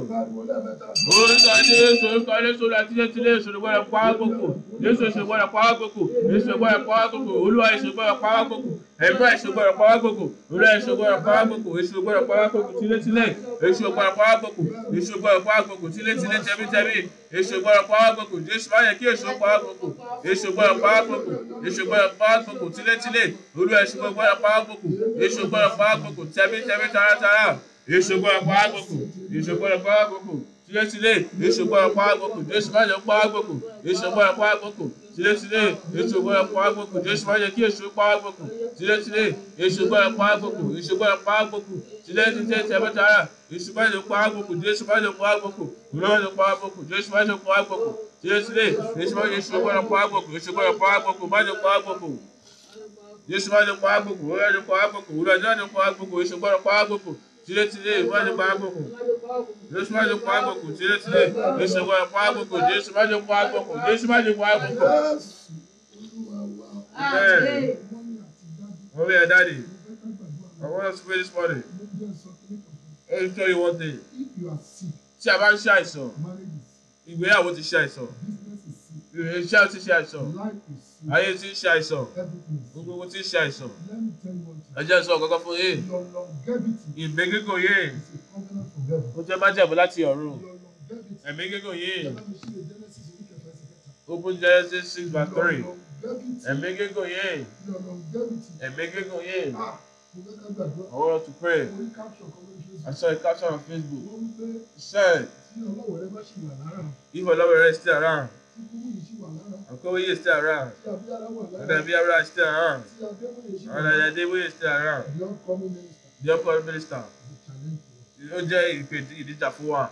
orúkọ jésù orúkọ jésù láti jésù jésù ló gbọ́dọ̀ pa àkókò jésù èso gbọ́dọ̀ pa àkókò jésù gbọ́dọ̀ pa àkókò olúwa èso gbọ́dọ̀ pa àkókò ẹ̀gbọ́n èso gbọ́dọ̀ pa àkókò olúwa èso gbọ́dọ̀ pa àkókò èso gbọ́dọ̀ pa àkókò tílétílé èso gbọ́dọ̀ pa àkókò èso gbọ́dọ̀ pa àkókò tílétílé tẹ́mítẹ́mí èso gbọ́dọ̀ pa àkókò jésù má yẹ kí èso pa àkókò èso gbọ́dọ̀ pa àkókò èso gbọ́dọ̀ pa àkókò tílétílé olúwa èso gbọ́dọ̀ pa àkókò èso gbọ́dọ̀ pa àkókò tẹ́mítẹ́mí taratara. Jésù gbọ́dọ̀ pa àgbòkù, Jésù gbọ́dọ̀ pa àgbòkù, sílẹ̀sílẹ̀, Jésù gbọ́dọ̀ pa àgbòkù, Jésù má jẹ́ pa àgbòkù, Jésù gbọ́dọ̀ pa àgbòkù, sílẹ̀sílẹ̀, Jésù gbọ́dọ̀ pa àgbòkù, Jésù má jẹ́ kí Jésù pa àgbòkù, sílẹ̀sílẹ̀, Jésù gbọ́dọ̀ pa àgbòkù, Jésù gbọ́dọ̀ pa àgbòkù, sílẹ̀sílẹ̀ tẹ̀mẹ́tara, Jésù má jẹ́ pa àgbòkù, Jésù má jẹ́ pa àgbòkù, Jésù má jẹ́ pa àgbòkù, Jésù má jẹ́ pa àgbòkù, sílẹ̀sílẹ̀, Jésù tire ìwádìí pa agbòkù Jésù má jẹ́ pa agbòkù tire tire má jẹ́ pa agbòkù Jésù má jẹ́ pa agbòkù Jésù má jẹ́ pa agbòkù. bẹ́ẹ̀ orí ẹ̀ dáàdì I want us to this morning. Let me tell you one thing. Tí a bá ń ṣe àìsàn, ìgbéyàwó ti ṣe àìsàn, ìrìnsẹ̀ ti ṣe àìsàn, ayé ti ṣe àìsàn, gbogbo ti ṣe àìsàn ẹ jẹ́ sọ ọ̀kọ́kọ́ fún yìí ìgbé gígùn yìí ó jẹ́ májẹ̀mú láti ọ̀run ẹ̀mí gígùn yìí open Genesis six by three ẹ̀mí gígùn yìí ẹ̀mí gígùn yìí I want to pray I saw a caption on Facebook it said if Ọlọ́run rẹ still around. Okoye is still around. Odabiara is still around. Olayadewe is still around. The upcoming minister. The minister. Ó jẹ́ ìpè ìdíjà fún wa.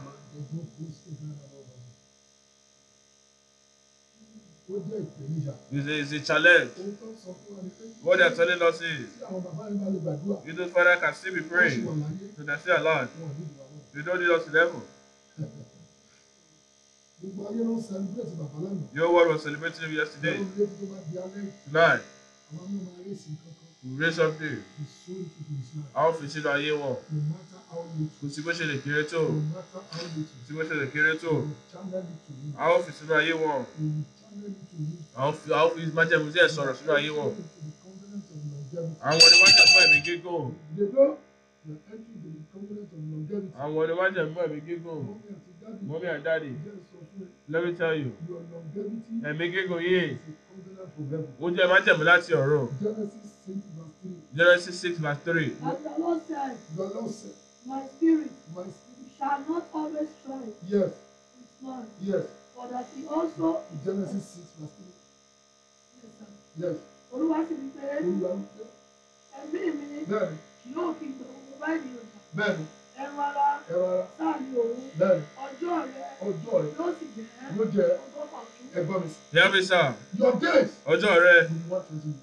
It's a, it's a challenge. What they are telling us is, you know, father can still be praying, so they are still alive. You don't need us to level. Gbogbo ayé ló Your world was celebrating yesterday. Tonight. We will raise up there. Our ìtìtì ìṣá. A ó fi No matter how little. Kò sí bó ṣe lè kéré tó. No matter how little. Kò sí bó ṣe lè kéré tó. A ó fi sínú ayé wọn. A ó fi májẹ̀mú díẹ̀ sọ̀rọ̀ sínú ayé wọn. Àwọn ni wọ́n jẹ̀ fún ẹ̀mí gígùn. Àwọn ni wọ́n jẹ̀ fún ẹ̀mí gígùn. Mommy and daddy, let me tell you, ẹ̀mí gígùn yìí, ó jẹ́ májẹ̀mú láti ọ̀run. Genesis six verse three. As the Lord said, the Lord said, my spirit, my spirit shall not always strive. Yes. Yes. For that he also. Genesis six verse three. Yes. Sir. Yes. Olúwa sì wí pé. Olúwa. Ẹ̀mí mi. Bẹ́ẹ̀ni. Yóò kí gbogbo báyìí ọjà. Bẹ́ẹ̀ni ẹ̀rọ ara sáà ní òun ọjọ́ rẹ ọjọ́ rẹ yóò sì jẹ́ ọgọ́fà ọdún. ẹ̀gbọ́n mi. yẹ́mi sá. your days. ọjọ́ rẹ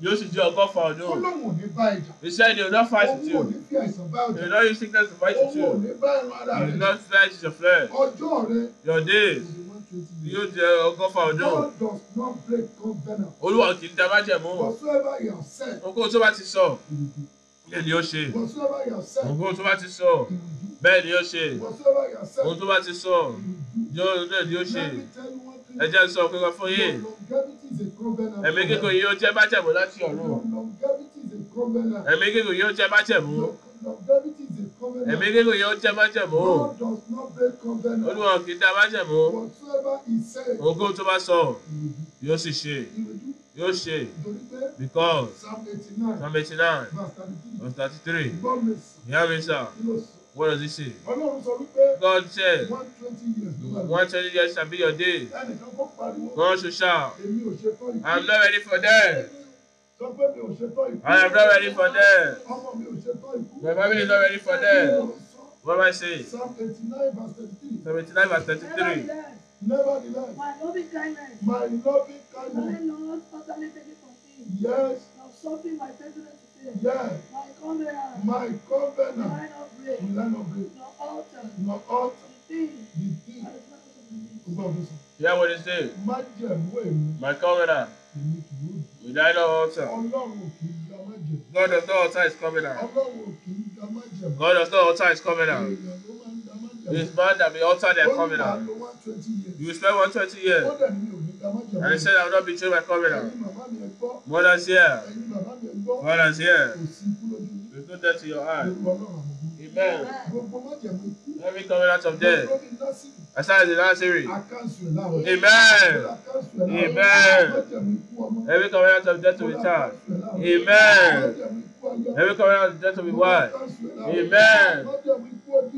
yóò sì jẹ́ ọgọ́fà ọdún. ọlọ́run ò ní bá ìjà. iṣẹ́ ni ọ̀dọ́ fight to. ọlọ́run ò ní fi àìsàn bá ọjà. you no use sickness to fight to. ọlọ́run ò ní bá ẹran ara rẹ. you no fight your flesh. ọjọ́ rẹ. your days yóò jẹ ọgọ́fà ọdún. olúwa kì í dábàjẹ́ mú. ọkọ̀ tó bá ti sọ bẹ́ẹ̀ ni ó ṣe ohun tó bá ti sọ bẹ́ẹ̀ ni ó ṣe ohun tó bá ti sọ yóò bẹ́ẹ̀ ni ó ṣe ẹ jẹ́ sọ pé wọ́n fún yìí ẹ̀mí gígùn yìí ó jẹ́ bájẹ̀mú láti ọ̀run ẹ̀mí gígùn yìí ó jẹ́ bájẹ̀mú ẹ̀mí gígùn yìí ó jẹ́ bájẹ̀mú olúwa kì í dá bájẹ̀mú ohun tó bá sọ yóò sì ṣe yóò ṣe because psalm eighty nine Verse 33. Hear me, sir. What does he say? God said, 120 years shall be your day. God shall shout, I am not ready for them. I am not ready for them. My family is not ready for them. What am I saying? Psalm 89, verse 33. 79, verse 33. Nevertheless, my loving kindness, my loving kindness, my Lord utterly taking from me, yes, of suffering my tenderness Yes. My covenant. My covenant. Will I not break. Will I not break. The thing. The thing. Yeah, what is it? My covenant. Will I not alter? God does not alter his covenant. God does not alter his covenant. This man that may alter their covenant. You spend 120 years. I said I will not betray my covenant. Mothers here. Mothers here. You do that to your heart. Amen. Every covenant of death. I said the last series. Amen. Amen. Every covenant of death to be charged. Amen. Every covenant of death to be wise. Amen.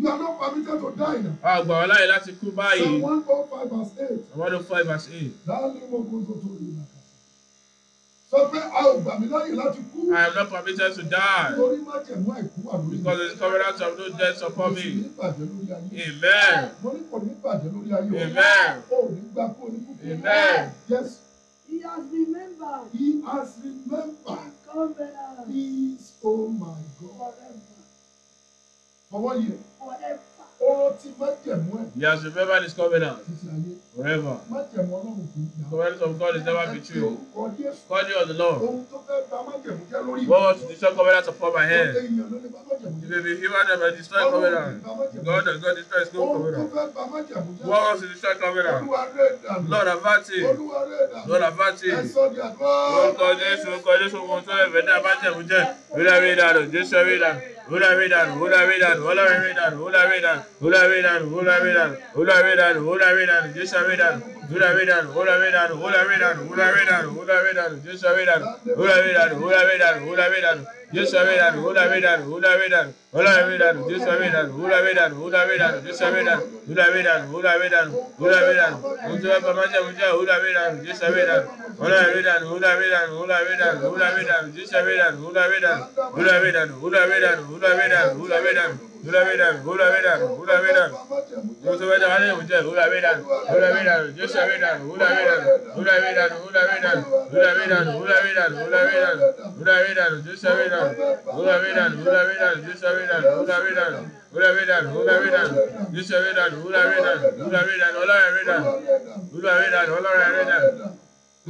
You are not permitted to die now. A gbà wá láyè láti kú báyìí. Psalm one oh five verse eight. Psalm one oh five verse eight. Láàlú wọn kò tó tó yìí náà. Sọ pé a ò gbà mí láyè láti kú. I am not permitted to die. Nítorí má jẹ̀mú àìkú wà lórí Because the covenant of no death upon me. Kò ní ìbàjẹ́ lórí ayé. Amen. Mo ní kò ní ìbàjẹ́ lórí ayé. Amen. O ò ní gbà kó ní kúkú. Amen. Yes. He has remembered. He has remembered. His covenant. oh my God. Forever. For one year. He has remembered his covenant forever. The covenant of God is never betrayed. Call you on the Lord. What to destroy covenant upon my head. You may be human that may destroy covenant. God does not destroy his own covenant. God to destroy covenant. Lord avert it. Lord avert it. Orúkọ Jésù, orúkọ Jésù, ohun tó Lord. dá bá jẹ̀mú jẹ́. Orí ẹ̀rí ìdàrú, Jésù ẹ̀rí ìdàrú. Hula Vedan, Hula Vedan, Hula Vedan, Hula Vedan, Hula Vedan, Hula Vedan, Hula Vedan, Hula Vedan, Hula Vedan, Hula Vedan, Hula hula, hula hula, hula hula, hula hula, hula hula. hula, hula hula, hula hula, hula, hula hula, hula, Ulavedar, hula, Ulavedar, hula, Yusavedar, hula. Ulavedar, Ulavedar, Yusavedar, Ulavedar, Ulavedar, Ulavedar, Yusavedar, Ulavedar, Ulavedar, Hula Ulavedar, Ulavedar, Ulavedar, hula Manja hula Ulavedar, hula Ulavedar, Ulavedar, Ulavedar, hula Yusavedar, hula Ulavedar, hula Ulavedar, hula Ulavedar, Hula vida, hula vida, hula vida. Jose vida, hane muje, hula vida, hula vida. Jose vida, hula vida, hula vida, hula vida, hula vida, hula vida, hula vida, hula vida. Jose vida, hula vida, hula vida, Jose vida, hula vida. Hula vida, hula vida, Jose vida, hula vida, hula vida, hula vida, hula vida, hula vida.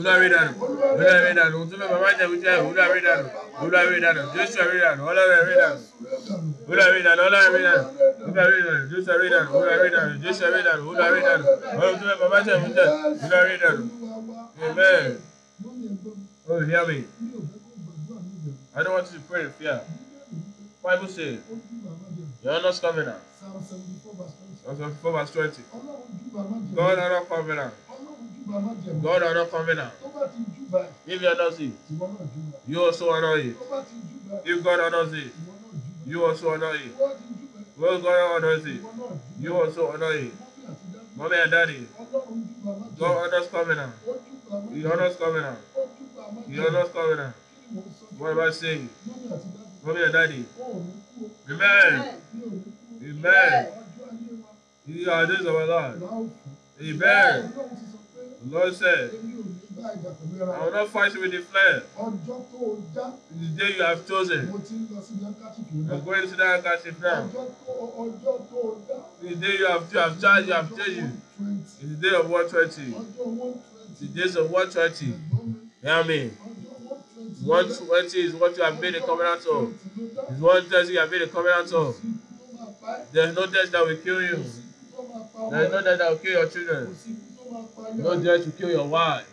Olúwa rẹ̀ dànù Olúwa rẹ̀ dànù ohun tó fẹ́ bàbá ìjẹ̀bú jẹ́ Olúwa rẹ̀ dànù Olúwa rẹ̀ dànù Joshua rẹ̀ dànù Olúwa rẹ̀ dànù Olúwa rẹ̀ dànù Olúwa rẹ̀ dànù Olúwa rẹ̀ dànù Joshua rẹ̀ dànù Olúwa rẹ̀ dànù Joshua rẹ̀ dànù Olúwa rẹ̀ dànù ohun tó fẹ́ bàbá ìjẹ̀bú jẹ́ Olúwa rẹ̀ dànù Amen. Oh, hear me. I don't want you to pray in fear. Bible says, "Your honor's coming covenant. Psalm 74 verse 20. God, I don't covenant. God of the covenant. If you honor it, you also honor it. If God honors it, you also honor it. When God honors it, you also honor it. Mommy and daddy, God honors covenant. He honors covenant. He honors covenant. What am I saying? Mommy and daddy. Amen. Amen. Amen. You are this of our Lord. Amen. The Lord said, I will not fight with the flesh. The day you have chosen, I'm going to sit that handkerchief now. The day you have, you have charged, you have chosen. The day of 120. The days of 120. You hear me. I mean? 120 is what you have made a covenant of. It's 130 you have made a covenant of. There's no death that will kill you. There's no death that will kill your children. No dare to kill your wife.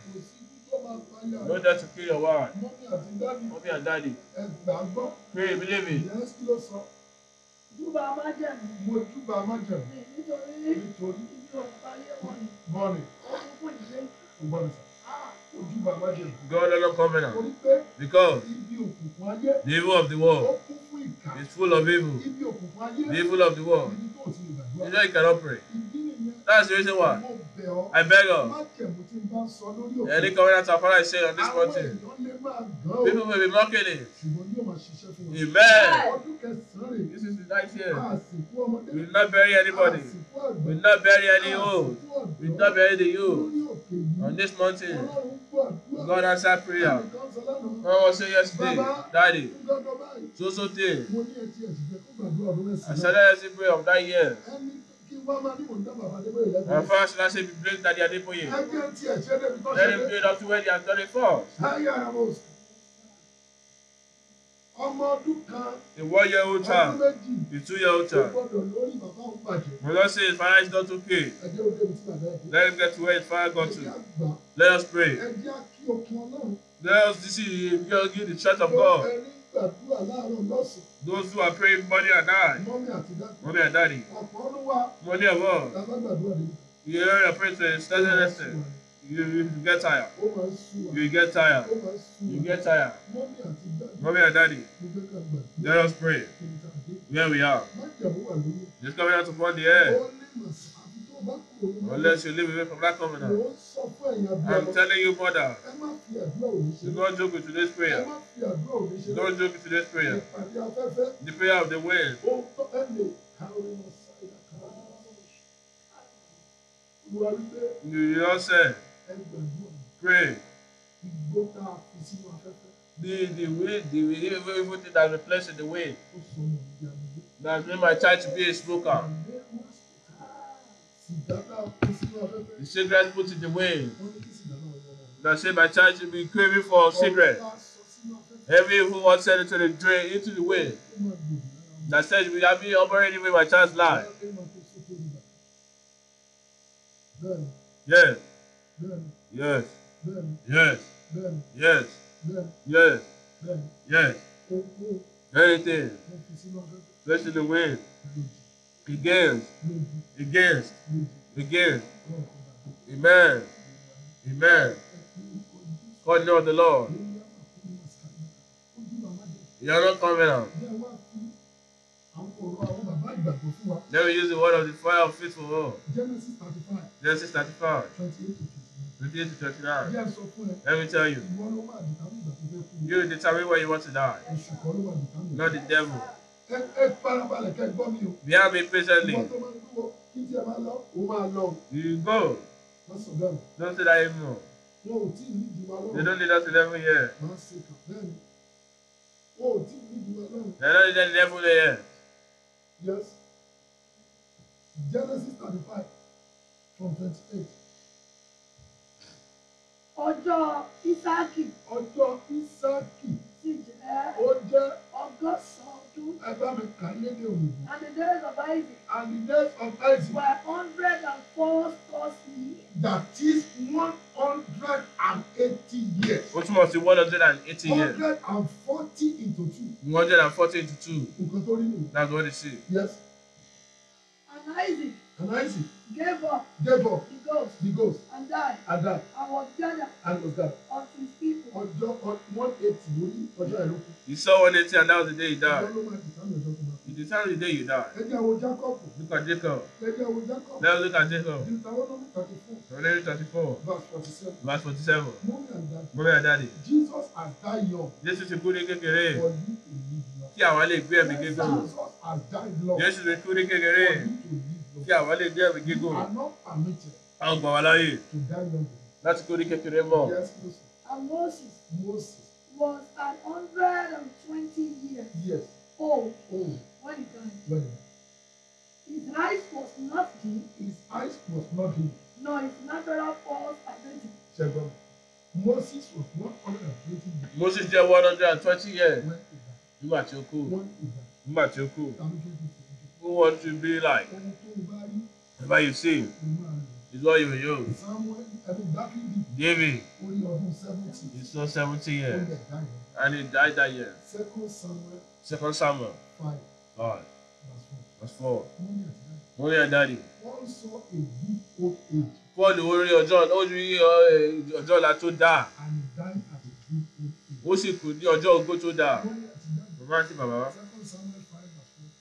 No dare to kill your wife. Mommy and daddy. Pray, believe me. Júbà májẹ̀mú. Mo júbà májẹ̀mú. Nítorí nítorí ibi òun báyé wọ̀ ni. Bọ́ọ̀lì. Ah. God lọ́lọ́ covenant. Because. The evil of the world. Ó It's full of evil. The evil of the world. You know you cannot pray. That's the reason why. I beg of. Any covenant that Father is saying on this morning. people will be mocking it. Amen. This is the ninth year. We will not bury anybody. We will not bury any old. We will not bury the youth. On this mountain, God answered prayer. Someone was saying yesterday, Daddy, so so day. I said, let's prayer. of that year. But first, let's say we bless Daddy Adeboye. Let him do it up to where they have done it first. ọmọ ọdún kan. a one year old child a two year old child. we don say his father is not okay. let him get to where his father got to. let us pray. let us see if we can give the church of God. Those who are praying morning and night. Mommy and daddy. Money of all. You hear your presence, doesn't listen. You, get tired. You get tired. You get tired. Mommy and daddy. Let us pray. Where we are. This covenant upon the air. Unless you live away from that covenant. I'm telling you, mother. Don't joke with today's prayer. Don't joke with today's prayer. The prayer of the word. You York said, pray. The, the way, the way, thing that replaces the way. That made my child to be a smoker. The cigarette put in the away. I say my child should be craving for a cigarette. Every who wants to the drain into the wind. That says we have been operating with my child's life. Yes. Yes. Yes. Yes. Yes. Yes. Anything. Bless the wind. Against. Against. Against. Amen. Amen. God know the Lord. You are not coming out. Then we use the word of the fire of faith for all. Genesis 35. Genesis 35. 28 to 29. Yes, Let me tell you. You determine where you want to die. Not the devil. We have been patiently. You go. Don't say that anymore they don't lead us to level here. they don't lead us to level here. yes Genesis thirty from 28. eight. ọjọ́ Ísáàkì. ọjọ́ Ísáàkì. ti jẹ́. ó jẹ́. ọgọ́sàn-án two. Ẹ bá mi kà And the days of Isaac. And the days of Isaac. Were hundred and four scores years. That is one hundred and eighty years. What túmọ̀ sí one hundred and eighty years. One hundred and forty into two. One hundred and forty into two. That's what it is. Yes. And Isaac. Anansi. Gave up. Gave up. The ghost. The ghost. And died. And died. And was gathered. And was gathered. Of his people. Ọjọ́ one eighty lórí ọjọ́ àìlókù. He saw one eighty and that was the day he died. You ló máa ti the day you die. Ẹ jẹ́ àwọn Jacob. Look at Jacob. Ẹ jẹ́ àwọn Jacob. Let's look at Jacob. Deuteronomy thirty-four. Deuteronomy thirty-four. Verse forty-seven. Verse forty-seven. Mommy and daddy. Jesus has died young. Jesus ti kú ní kékeré. For you to live long. Kí àwa lè gbé ẹ̀mí kékeré. Jesus has died long. Jesus ti kú ní kékeré. For you to live kí àwọn lè ní ẹ̀mí gígùn. àwọn gbà wá láyè láti kó ní kékeré mọ̀. And Moses, was an hundred and twenty years yes. old oh. when he died. When? His eyes was not him. His eyes was not him. Nor his natural false identity. Ṣẹ́gun, Moses was not hundred and twenty years. Moses jẹ́ one hundred and twenty years. Nígbà tí ó kú. Nígbà tí ó kú who want to be like. Whatever you see is what you will use. David, he saw 70 years and he died that year. Second Samuel 5, Five. verse 4. Wọ́n rí ẹ̀dá rí. Paul orí ọjọ́ orí ọjọ́ ọ̀la tó dáa. Ó sì kú ní ọjọ́ ogbó tó dáa. Bàbá àti bàbá wa.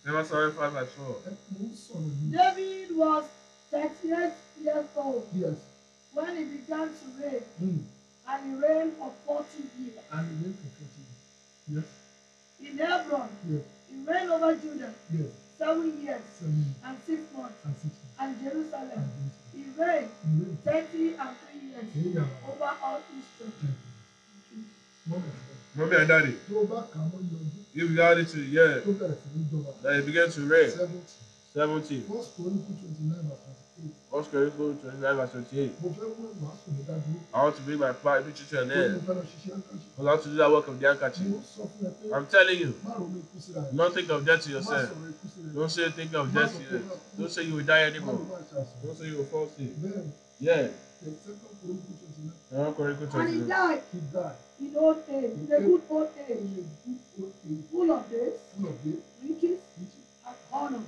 Never saw it fast at all. David was 38 years old yes. when he began to reign, mm. and he reigned for 40 years. And he reigned for 40 years. Yes. In Hebron, yes. he reigned over Judah yes. seven years seven. and six months, and, six months. and Jerusalem. And he reigned mm. 30 and 3 years yeah. over all Israel. Thank you. Thank you. Mommy ẹ̀ dáre. tí o if you add it to yeah. year. tó bẹ̀rẹ̀ that you begin to reign. seventy. seventy. first Chronicles twenty nine verse twenty-eight. first Chronicles twenty nine verse twenty-eight. I want to bring my part into teacher there. mo fẹ́ I want to do that work of the handkerchief. pé. I'm telling you. rẹ. don't think of death to yourself. rẹ. don't say you're think of death to yourself. don't say you will die anymore. don't say you will fall sick. yeah. One very good And he died. He died. In old age. In a good old age. Full of days. Full of days. Riches. And honor.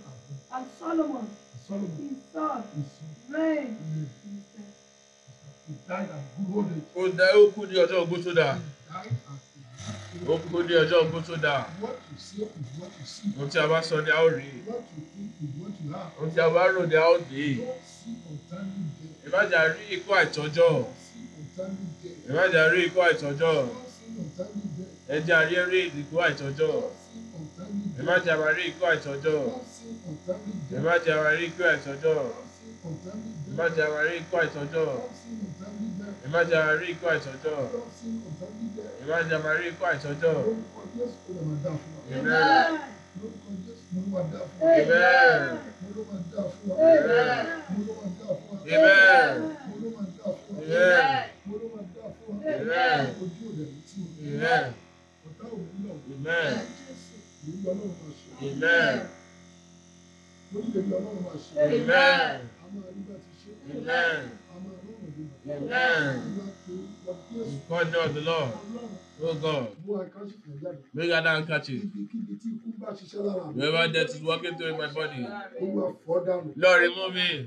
And Solomon. Solomon. His son. His son. Reigned. He died at good old age. Ó dá ó kú ní ọjọ́ ogbó tó dáa. Ó kú ní ọjọ́ ogbó tó dáa. Ohun tí a bá sọ ni a ó rí. Ohun tí a bá rò ni a ó dé. Ìbájà rí ikú àìtọ́jọ́ ẹ má jà rí ikú àìtọ́jọ́ ẹ jẹ́ àrí rí ikú àìtọ́jọ́ ẹ má jà wá rí ikú àìtọ́jọ́ ẹ má jà wá rí ikú àìtọ́jọ́ ẹ má jà wá rí ikú àìtọ́jọ́ ẹ má jà wá rí ikú àìtọ́jọ́ ẹ má jà wá rí ikú àìtọ́jọ́ amen. Amen. Amen. Amen. Amen. Amen. Amen. Amen. God the Lord. Oh God. Make that handkerchief. Whoever that is walking through my body. Lord, remove me.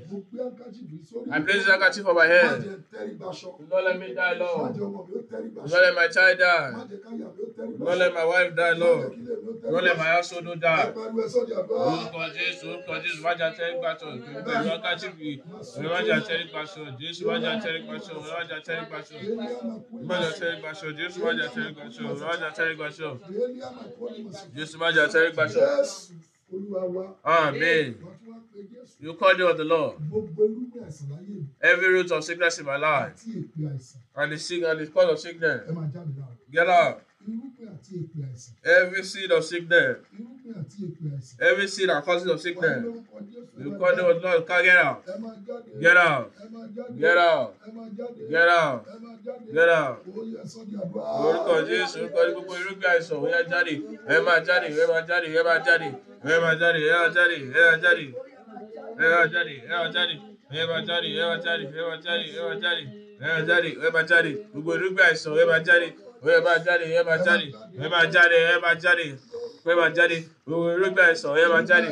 I place the handkerchief on my head. Don't let me die, Lord. Don't let my child die. Don't let my wife die, Lord lọ́lẹ̀ máa yá sódó dáa Amen. You call the of the Lord. Every root of sickness in my life. And the sick and the cause of sickness. Get out. Every seed of sickness. Every seed that causes of sickness. You call the Lord, come get out. Get out. Get out. Get out. Get out. Orúkọ Jésù orúkọ ní gbogbo irúgbìn àìsàn ó yá jáde. Ẹ máa jáde. Ẹ máa jáde. Ẹ máa jáde. Ẹ máa jáde. Ẹ máa jáde. Ẹ máa jáde. Ẹ máa jáde. Ẹ máa jáde. Ẹ máa jáde. Ẹ máa jáde. Ẹ máa jáde. Ẹ máa jáde. Ẹ máa jáde. Ẹ máa jáde. Gbogbo irúgbìn àìsàn ó yá máa jáde ẹ máa jáde ẹ máa jáde ẹ máa jáde ẹ máa jáde ẹ máa jáde owó irúgbà ẹ̀sán ẹ máa jáde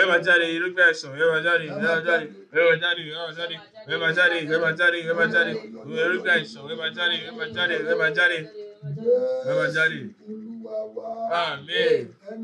ẹ máa jáde irúgbà ẹ̀sán ẹ máa jáde ẹ máa jáde ẹ máa jáde ẹ máa jáde ẹ máa jáde ẹ máa jáde ẹ máa jáde owó irúgbà ẹ̀sán ẹ máa jáde ẹ máa jáde ẹ máa jáde ẹ máa jáde. Amen.